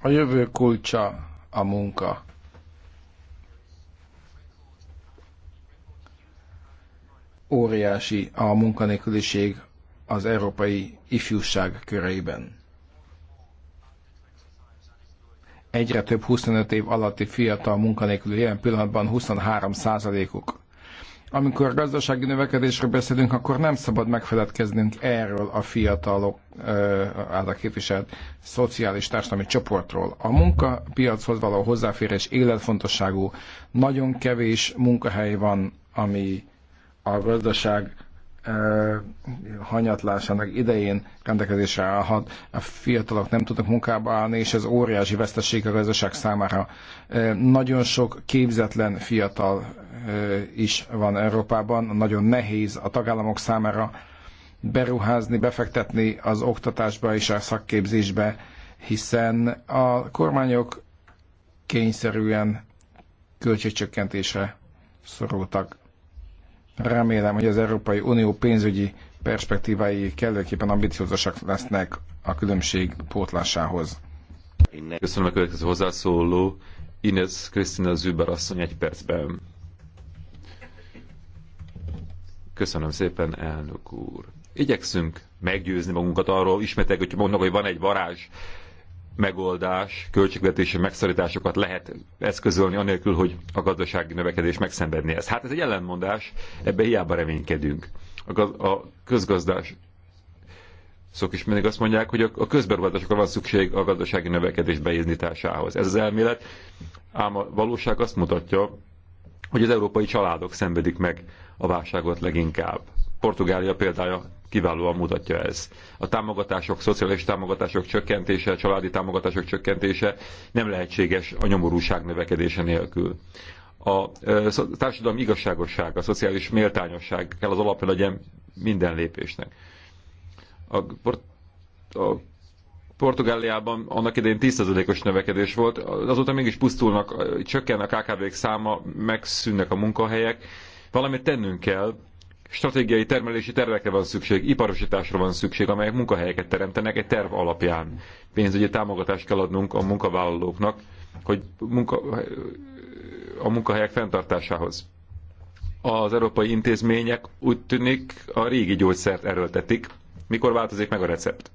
a jövő kulcsa a munka. Óriási a munkanélküliség az európai ifjúság köreiben. Egyre több 25 év alatti fiatal munkanélkül jelen pillanatban 23 százalékuk amikor gazdasági növekedésről beszélünk, akkor nem szabad megfeledkeznünk erről a fiatalok által képviselt szociális társadalmi csoportról. A munkapiachoz való hozzáférés életfontosságú, nagyon kevés munkahely van, ami a gazdaság hanyatlásának idején rendelkezésre állhat. A fiatalok nem tudnak munkába állni, és ez óriási veszteség a gazdaság számára. Nagyon sok képzetlen fiatal is van Európában, nagyon nehéz a tagállamok számára beruházni, befektetni az oktatásba és a szakképzésbe, hiszen a kormányok kényszerűen költségcsökkentésre szorultak. Remélem, hogy az Európai Unió pénzügyi perspektívái kellőképpen ambiciózusak lesznek a különbség pótlásához. Köszönöm a következő hozzászóló. Inez Krisztina Züber asszony egy percben. Köszönöm szépen, elnök úr. Igyekszünk meggyőzni magunkat arról, hogy magunknak, hogy van egy varázs megoldás, költségvetési megszorításokat lehet eszközölni, anélkül, hogy a gazdasági növekedés megszenvedné ezt. Hát ez egy ellenmondás, ebbe hiába reménykedünk. A, gaz, a közgazdás szok is mindig azt mondják, hogy a közberuházásokra van szükség a gazdasági növekedés beindításához. Ez az elmélet, ám a valóság azt mutatja, hogy az európai családok szenvedik meg a válságot leginkább. Portugália példája kiválóan mutatja ez. A támogatások, szociális támogatások csökkentése, a családi támogatások csökkentése nem lehetséges a nyomorúság növekedése nélkül. A társadalmi igazságosság, a szociális méltányosság kell az alapja legyen minden lépésnek. A, a Portugáliában annak idején 10%-os növekedés volt, azóta mégis pusztulnak, csökken a KKV-k száma, megszűnnek a munkahelyek. Valamit tennünk kell, stratégiai termelési tervekre van szükség, iparosításra van szükség, amelyek munkahelyeket teremtenek egy terv alapján. Pénzügyi támogatást kell adnunk a munkavállalóknak, hogy munka, a munkahelyek fenntartásához. Az európai intézmények úgy tűnik a régi gyógyszert erőltetik. Mikor változik meg a recept?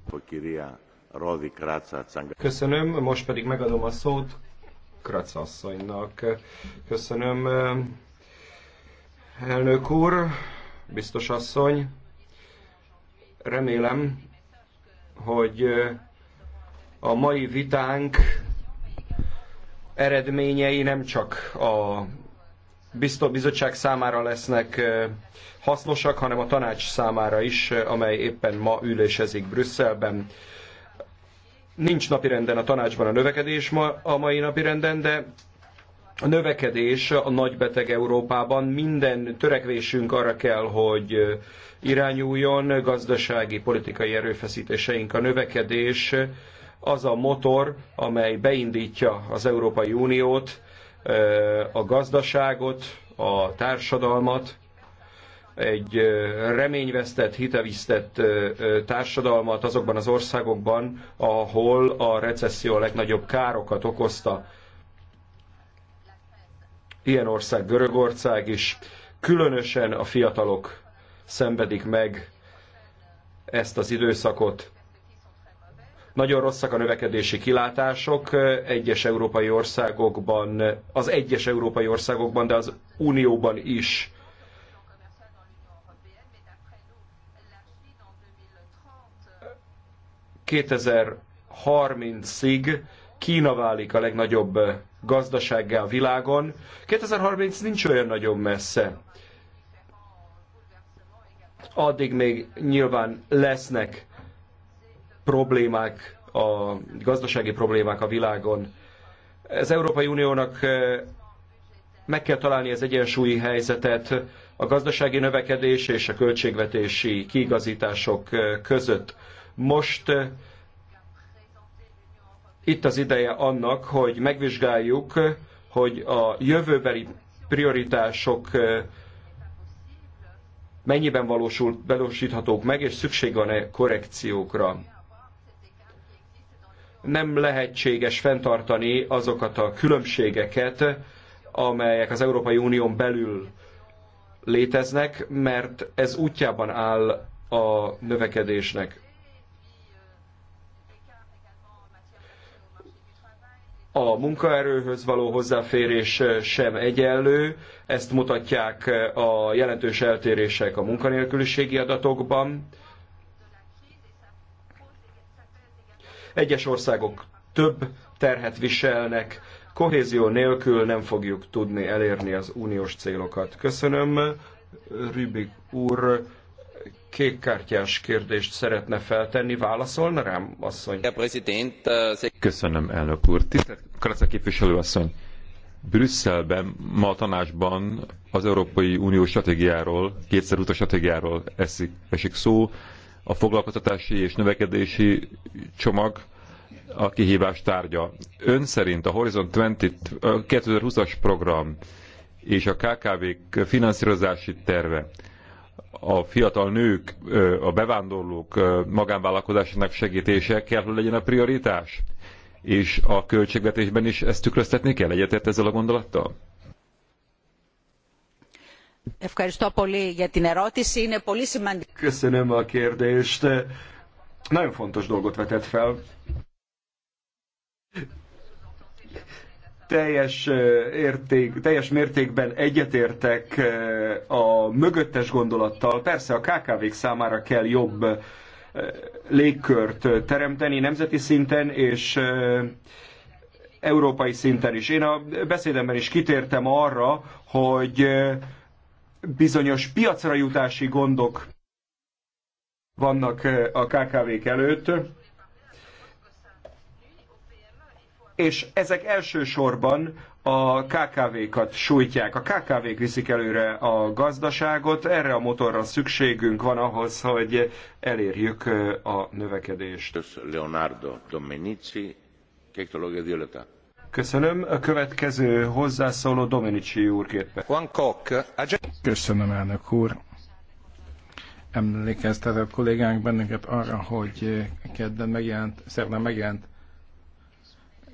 Köszönöm, most pedig megadom a szót Kratz asszonynak. Köszönöm, elnök úr biztos asszony. Remélem, hogy a mai vitánk eredményei nem csak a bizottság számára lesznek hasznosak, hanem a tanács számára is, amely éppen ma ülésezik Brüsszelben. Nincs napirenden a tanácsban a növekedés ma, a mai napirenden, de a növekedés a nagybeteg Európában. Minden törekvésünk arra kell, hogy irányuljon, gazdasági, politikai erőfeszítéseink a növekedés, az a motor, amely beindítja az Európai Uniót, a gazdaságot, a társadalmat, egy reményvesztett, hitevisztett társadalmat azokban az országokban, ahol a recesszió a legnagyobb károkat okozta. Ilyen ország Görögország is. Különösen a fiatalok szenvedik meg ezt az időszakot. Nagyon rosszak a növekedési kilátások egyes európai országokban, az egyes európai országokban, de az Unióban is. ...2030-ig Kína válik a legnagyobb gazdasággá a világon. 2030 nincs olyan nagyon messze. Addig még nyilván lesznek problémák, a gazdasági problémák a világon. Az Európai Uniónak meg kell találni az egyensúlyi helyzetet a gazdasági növekedés és a költségvetési kiigazítások között. Most itt az ideje annak, hogy megvizsgáljuk, hogy a jövőbeli prioritások mennyiben valósul, valósíthatók meg, és szükség van-e korrekciókra. Nem lehetséges fenntartani azokat a különbségeket, amelyek az Európai Unión belül léteznek, mert ez útjában áll a növekedésnek. a munkaerőhöz való hozzáférés eh, sem egyenlő, ezt mutatják eh, a jelentős eltérések a munkanélküliségi adatokban. Egyes országok több terhet viselnek, kohézió nélkül nem fogjuk tudni elérni az uniós célokat. Köszönöm, Rübik úr kékkártyás kérdést szeretne feltenni. Válaszolna rám, asszony? Äh, Köszönöm, elnök úr. Tisztelt Karaca képviselő asszony, Brüsszelben, ma a tanácsban az Európai Unió stratégiáról, kétszer utas stratégiáról esik, esik szó, a foglalkoztatási és növekedési csomag a kihívás tárgya. Ön szerint a Horizon 2020-as program és a KKV finanszírozási terve a fiatal nők, a bevándorlók magánvállalkozásának segítése kell, hogy legyen a prioritás? És a költségvetésben is ezt tükröztetni kell? Egyetért ezzel a gondolattal? Köszönöm a kérdést. Nagyon fontos dolgot vetett fel teljes, érték, teljes mértékben egyetértek a mögöttes gondolattal. Persze a KKV-k számára kell jobb légkört teremteni nemzeti szinten, és európai szinten is. Én a beszédemben is kitértem arra, hogy bizonyos piacra jutási gondok vannak a KKV-k előtt, és ezek elsősorban a KKV-kat sújtják. A KKV-k viszik előre a gazdaságot, erre a motorra szükségünk van ahhoz, hogy elérjük a növekedést. Leonardo Domenici, Köszönöm. A következő hozzászóló Domenici úr két Köszönöm, elnök úr. Emlékeztet a kollégánk bennünket arra, hogy kedden megjelent, szerdán megjelent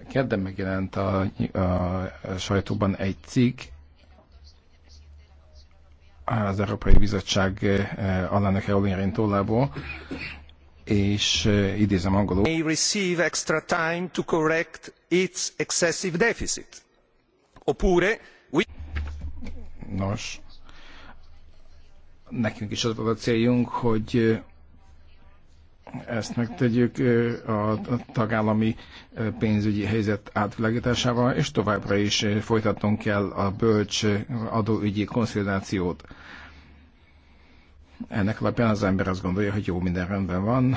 Kedden megjelent a, a sajtóban egy cikk, az Európai Bizottság eh, alelnöke Olin tollából, és eh, idézem angolul. May receive extra time to correct its excessive deficit. Oppure, we... Nos, nekünk is az volt a céljunk, hogy eh, ezt megtegyük a tagállami pénzügyi helyzet átvilágításával, és továbbra is folytatnunk kell a bölcs adóügyi konszolidációt. Ennek alapján az ember azt gondolja, hogy jó, minden rendben van,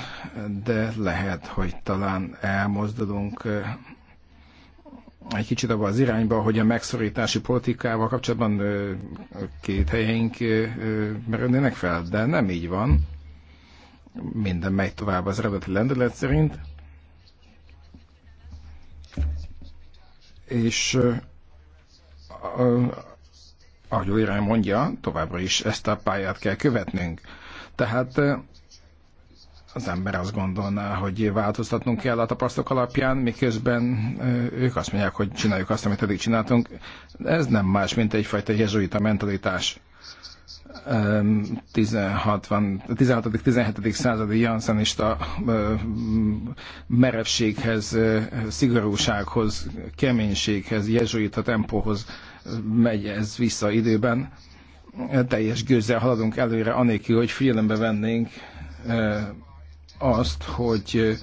de lehet, hogy talán elmozdulunk egy kicsit abba az irányba, hogy a megszorítási politikával kapcsolatban két helyeink merülnének fel, de nem így van minden megy tovább az eredeti lendület szerint. És ahogy újra mondja, továbbra is ezt a pályát kell követnünk. Tehát az ember azt gondolná, hogy változtatnunk kell a tapasztok alapján, miközben ők azt mondják, hogy csináljuk azt, amit eddig csináltunk. Ez nem más, mint egyfajta jezsuita mentalitás. 16.-17. századi janszanista merevséghez, szigorúsághoz, keménységhez, jezsuita tempóhoz megy ez vissza időben. Teljes gőzzel haladunk előre, anélkül, hogy figyelembe vennénk azt, hogy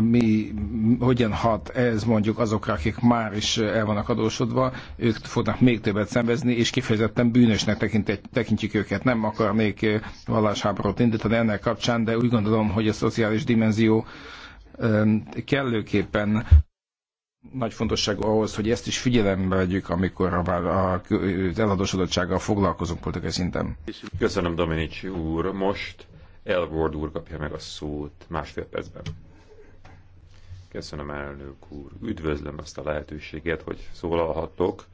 mi, hogyan hat ez mondjuk azokra, akik már is el vannak adósodva, ők fognak még többet szenvezni, és kifejezetten bűnösnek tekintjük őket. Nem akarnék vallásháborút indítani ennek kapcsán, de úgy gondolom, hogy a szociális dimenzió kellőképpen nagy fontosságú ahhoz, hogy ezt is figyelembe vegyük, amikor a, a, az eladósodottsággal foglalkozunk politikai szinten. Köszönöm, Dominici úr. Most Elvord úr kapja meg a szót másfél percben. Köszönöm, elnök úr. Üdvözlöm azt a lehetőséget, hogy szólalhatok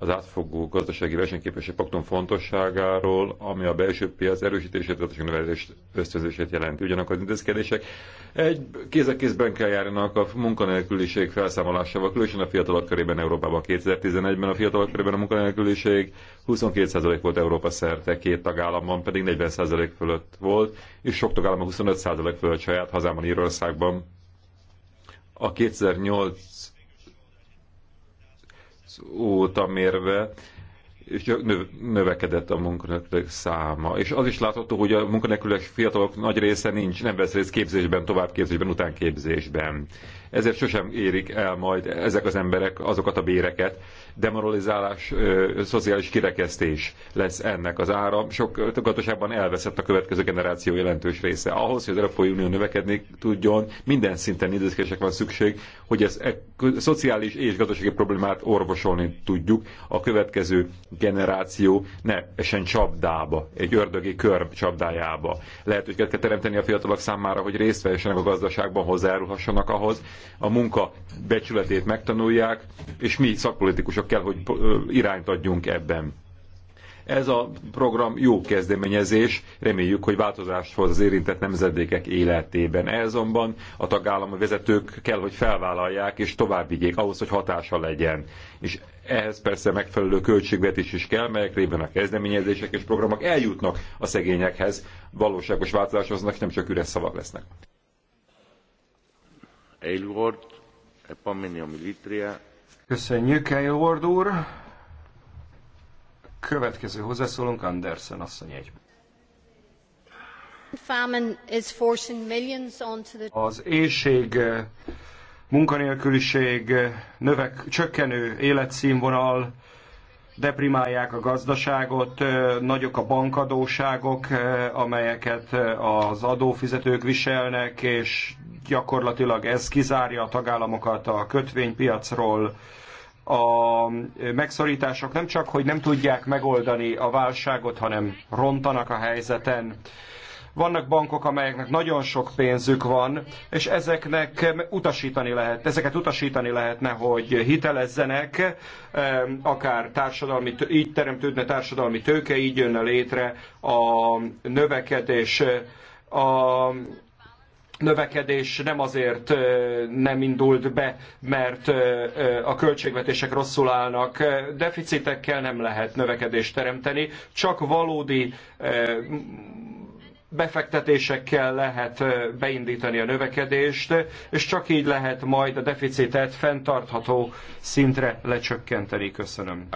az átfogó gazdasági versenyképesség paktum fontosságáról, ami a belső piac erősítését, a növelés ösztönzését jelenti. Ugyanakkor az intézkedések egy kéz a kézben kell járnak a munkanélküliség felszámolásával, különösen a fiatalok körében Európában 2011-ben a fiatalok körében a munkanélküliség 22% volt Európa szerte, két tagállamban pedig 40% fölött volt, és sok tagállamban 25% fölött saját hazámban, Írországban. A 2008 óta mérve, és növekedett a munkanélkülök száma. És az is látható, hogy a munkanélkülök fiatalok nagy része nincs, nem vesz részt képzésben, továbbképzésben, utánképzésben ezért sosem érik el majd ezek az emberek azokat a béreket. Demoralizálás, szociális kirekesztés lesz ennek az ára. Sok gazdaságban elveszett a következő generáció jelentős része. Ahhoz, hogy az Európai Unió növekedni tudjon, minden szinten intézkedések van szükség, hogy ez e, szociális és gazdasági problémát orvosolni tudjuk. A következő generáció ne esen csapdába, egy ördögi kör csapdájába. Lehet, hogy kell teremteni a fiatalok számára, hogy részt vehessenek a gazdaságban, hozzájárulhassanak ahhoz, a munka becsületét megtanulják, és mi szakpolitikusok kell, hogy irányt adjunk ebben. Ez a program jó kezdeményezés, reméljük, hogy változást hoz az érintett nemzedékek életében. Ez azonban a tagállami vezetők kell, hogy felvállalják és vigyék ahhoz, hogy hatása legyen. És ehhez persze megfelelő költségvetés is kell, melyek révén a kezdeményezések és programok eljutnak a szegényekhez, valóságos változáshoznak, nem csak üres szavak lesznek. Aylward, επόμενη ομιλήτρια. Köszönjük, Aylward úr. Következő hozzászólunk Andersen asszony egyben. Az éjség, munkanélküliség, növek, csökkenő életszínvonal, deprimálják a gazdaságot, nagyok a bankadóságok, amelyeket az adófizetők viselnek, és gyakorlatilag ez kizárja a tagállamokat a kötvénypiacról, a megszorítások nem csak, hogy nem tudják megoldani a válságot, hanem rontanak a helyzeten. Vannak bankok, amelyeknek nagyon sok pénzük van, és ezeknek utasítani lehet, ezeket utasítani lehetne, hogy hitelezzenek, akár társadalmi, így teremtődne társadalmi tőke, így jönne létre a növekedés. A, növekedés nem azért nem indult be, mert a költségvetések rosszul állnak. Deficitekkel nem lehet növekedést teremteni, csak valódi befektetésekkel lehet beindítani a növekedést, és csak így lehet majd a deficitet fenntartható szintre lecsökkenteni. Köszönöm.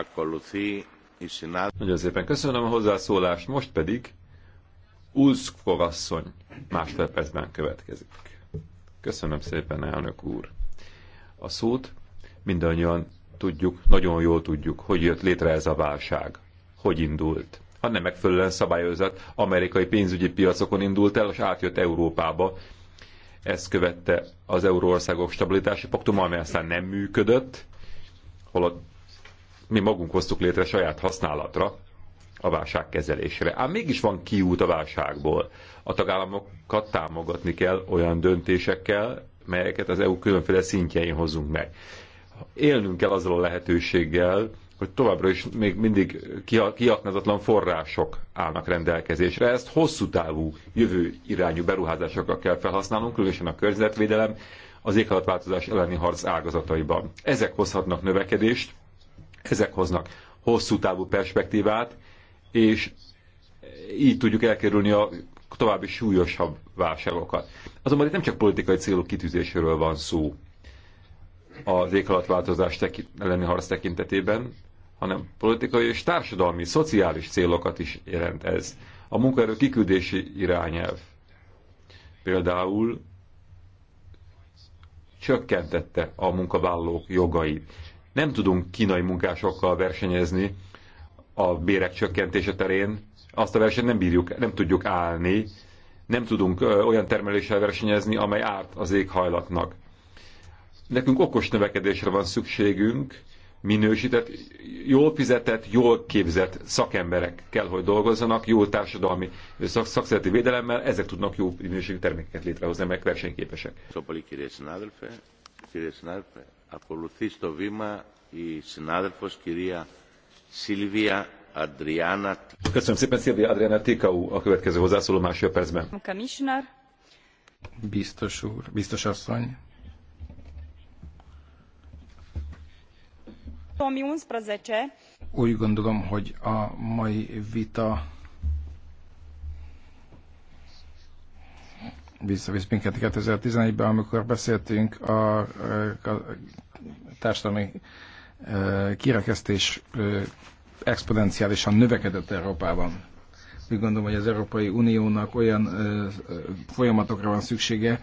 Nagyon szépen köszönöm a hozzászólást, most pedig Ulszkov asszony másfél következik. Köszönöm szépen, elnök úr. A szót mindannyian tudjuk, nagyon jól tudjuk, hogy jött létre ez a válság, hogy indult ha nem megfelelően szabályozott amerikai pénzügyi piacokon indult el, és átjött Európába. Ezt követte az euróországok stabilitási paktum, amely aztán nem működött, holott mi magunk hoztuk létre saját használatra, a válság kezelésére. Ám mégis van kiút a válságból. A tagállamokat támogatni kell olyan döntésekkel, melyeket az EU különféle szintjein hozunk meg. Élnünk kell azzal a lehetőséggel, hogy továbbra is még mindig kiaknázatlan források állnak rendelkezésre. Ezt hosszú távú, jövő irányú beruházásokra kell felhasználnunk, különösen a környezetvédelem, az éghajlatváltozás elleni harc ágazataiban. Ezek hozhatnak növekedést, ezek hoznak hosszú távú perspektívát, és így tudjuk elkerülni a további súlyosabb válságokat. Azonban itt nem csak politikai célú kitűzéséről van szó az éghajlatváltozás elleni harc tekintetében, hanem politikai és társadalmi, szociális célokat is jelent ez. A munkaerő kiküldési irányelv például csökkentette a munkavállalók jogait. Nem tudunk kínai munkásokkal versenyezni a bérek csökkentése terén, azt a versenyt nem, bírjuk, nem tudjuk állni, nem tudunk olyan termeléssel versenyezni, amely árt az éghajlatnak. Nekünk okos növekedésre van szükségünk, minősített, jól fizetett, jól képzett szakemberek kell, hogy dolgozzanak, jó társadalmi szak, szakszereti védelemmel, ezek tudnak jó minőségű termékeket létrehozni, meg versenyképesek. Ακολουθεί szóval, A βήμα η συνάδελφος κυρία Σίλβια Adriana. Köszönöm szépen, Szilvia Adriana Tikau a következő hozzászóló másfél percben. Commissioner. Biztos úr, biztos asszony, úgy gondolom, hogy a mai vita visszavisz minket 2011-ben, amikor beszéltünk a, a, társadalmi e, kirekesztés e, exponenciálisan növekedett Európában. Úgy gondolom, hogy az Európai Uniónak olyan e, folyamatokra van szüksége,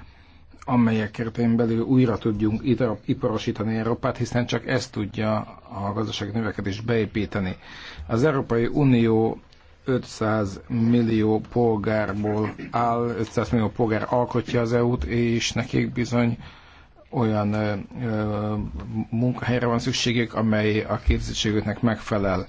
amelyek keretén belül újra tudjunk iparosítani Európát, hiszen csak ezt tudja a gazdasági növekedést beépíteni. Az Európai Unió 500 millió polgárból áll, 500 millió polgár alkotja az EU-t, és nekik bizony olyan ö, ö, munkahelyre van szükségük, amely a képzettségüknek megfelel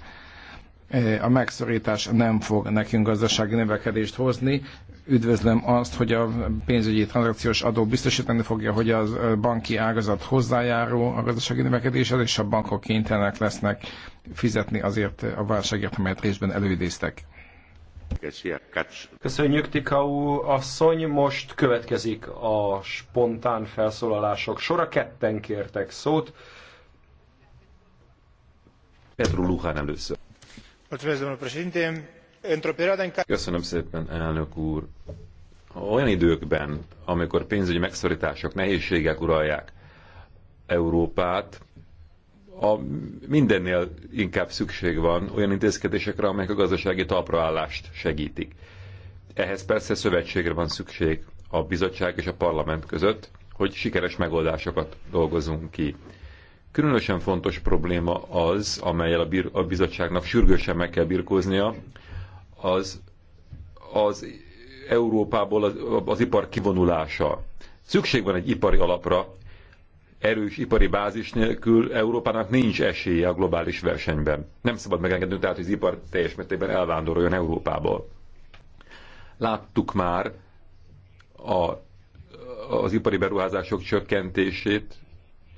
Eh, a megszorítás nem fog nekünk gazdasági növekedést hozni. Üdvözlöm azt, hogy a pénzügyi tranzakciós adó biztosítani fogja, hogy a eh, banki ágazat hozzájárul a gazdasági növekedéshez, és a bankok kénytelenek lesznek fizetni azért a válságért, amelyet részben előidéztek. Köszönjük, Tikau asszony. Most következik a spontán felszólalások sora. Ketten kértek szót. Petru Luhán először. Köszönöm szépen, elnök úr. Olyan időkben, amikor pénzügyi megszorítások, nehézségek uralják Európát, a mindennél inkább szükség van olyan intézkedésekre, amelyek a gazdasági talpraállást segítik. Ehhez persze szövetségre van szükség a bizottság és a parlament között, hogy sikeres megoldásokat dolgozunk ki. Különösen fontos probléma az, amelyel a, bir- a bizottságnak sürgősen meg kell birkóznia, az, az Európából az, az ipar kivonulása. Szükség van egy ipari alapra, erős ipari bázis nélkül Európának nincs esélye a globális versenyben. Nem szabad megengedni tehát, hogy az ipar teljes mértékben elvándoroljon Európából. Láttuk már a, az ipari beruházások csökkentését,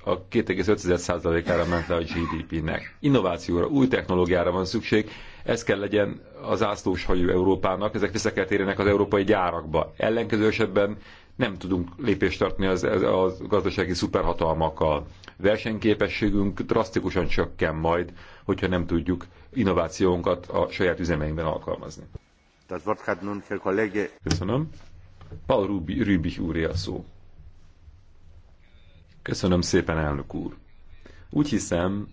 a 2,5%-ára ment le a GDP-nek. Innovációra, új technológiára van szükség, ez kell legyen az ászlóshajú Európának, ezek vissza kell térjenek az európai gyárakba. Ellenkező esetben nem tudunk lépést tartani az, az, az gazdasági szuperhatalmakkal. Versenyképességünk drasztikusan csökken majd, hogyha nem tudjuk innovációnkat a saját üzemeinkben alkalmazni. Köszönöm. Paul Rübi úr a szó. Köszönöm szépen, elnök úr. Úgy hiszem,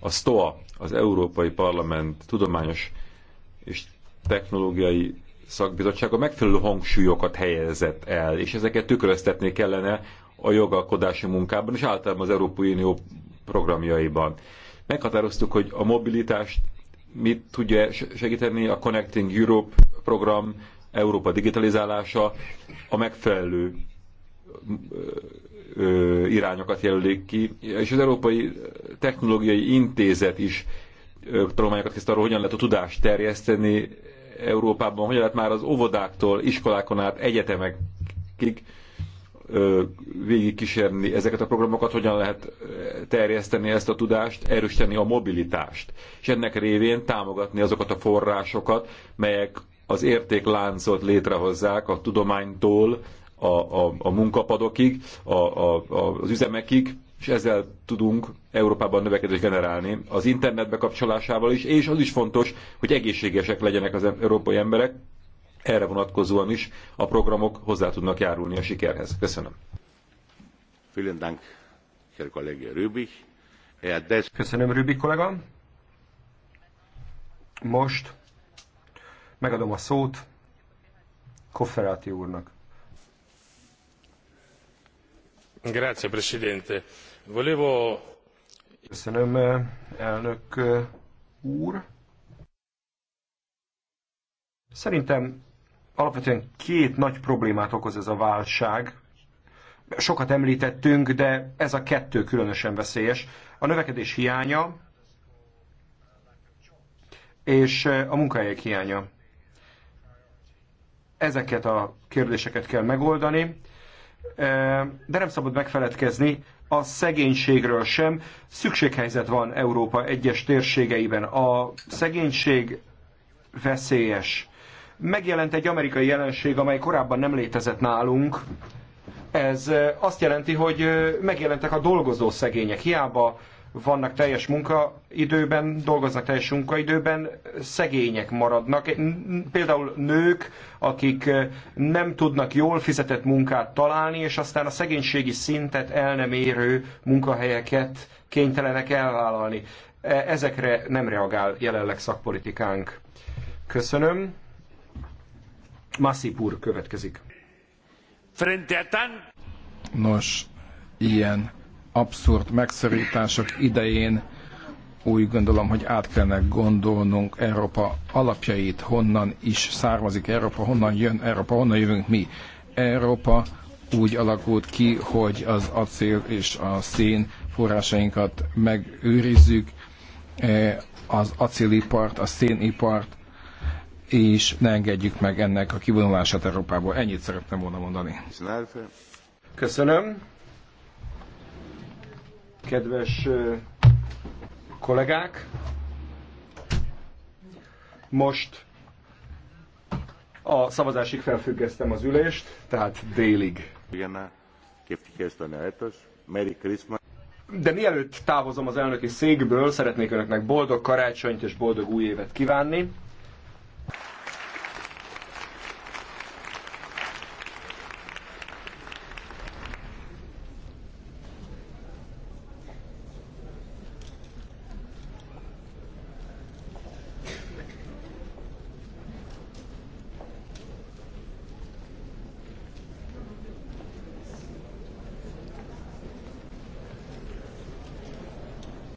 a STOA, az Európai Parlament Tudományos és Technológiai Szakbizottsága megfelelő hangsúlyokat helyezett el, és ezeket tükröztetni kellene a jogalkodási munkában, és általában az Európai Unió programjaiban. Meghatároztuk, hogy a mobilitást mit tudja segíteni a Connecting Europe program, Európa digitalizálása, a megfelelő ö, irányokat jelölik ki, és az Európai Technológiai Intézet is ö, tanulmányokat kezdte arról, hogyan lehet a tudást terjeszteni Európában, hogyan lehet már az óvodáktól, iskolákon át, egyetemekig végigkísérni ezeket a programokat, hogyan lehet terjeszteni ezt a tudást, erősíteni a mobilitást, és ennek révén támogatni azokat a forrásokat, melyek az értékláncot létrehozzák a tudománytól a, a, a munkapadokig, a, a, a, az üzemekig, és ezzel tudunk Európában növekedést generálni. Az internet bekapcsolásával is, és az is fontos, hogy egészségesek legyenek az európai emberek, erre vonatkozóan is a programok hozzá tudnak járulni a sikerhez. Köszönöm. Köszönöm, Rübi kollega. Most megadom a szót Kofferáti úrnak. Presidente. Szerintem alapvetően két nagy problémát okoz ez a válság. Sokat említettünk, de ez a kettő különösen veszélyes. A növekedés hiánya és a munkahelyek hiánya. Ezeket a kérdéseket kell megoldani de nem szabad megfeledkezni a szegénységről sem. Szükséghelyzet van Európa egyes térségeiben. A szegénység veszélyes. Megjelent egy amerikai jelenség, amely korábban nem létezett nálunk. Ez azt jelenti, hogy megjelentek a dolgozó szegények. Hiába vannak teljes munkaidőben, dolgoznak teljes munkaidőben, szegények maradnak. Például nők, akik nem tudnak jól fizetett munkát találni, és aztán a szegénységi szintet el nem érő munkahelyeket kénytelenek elvállalni. E, ezekre nem reagál jelenleg szakpolitikánk. Köszönöm. Massi úr következik. Nos, ilyen abszurd megszorítások idején úgy gondolom, hogy át kellene gondolnunk Európa alapjait, honnan is származik Európa, honnan jön Európa, honnan jövünk mi. Európa úgy alakult ki, hogy az acél és a szén forrásainkat megőrizzük, e, az acélipart, a szénipart, és ne engedjük meg ennek a kivonulását Európából. Ennyit szerettem volna mondani. Köszönöm. Kedves kollégák, most a szavazásig felfüggesztem az ülést, tehát délig. De mielőtt távozom az elnöki székből, szeretnék önöknek boldog karácsonyt és boldog új évet kívánni.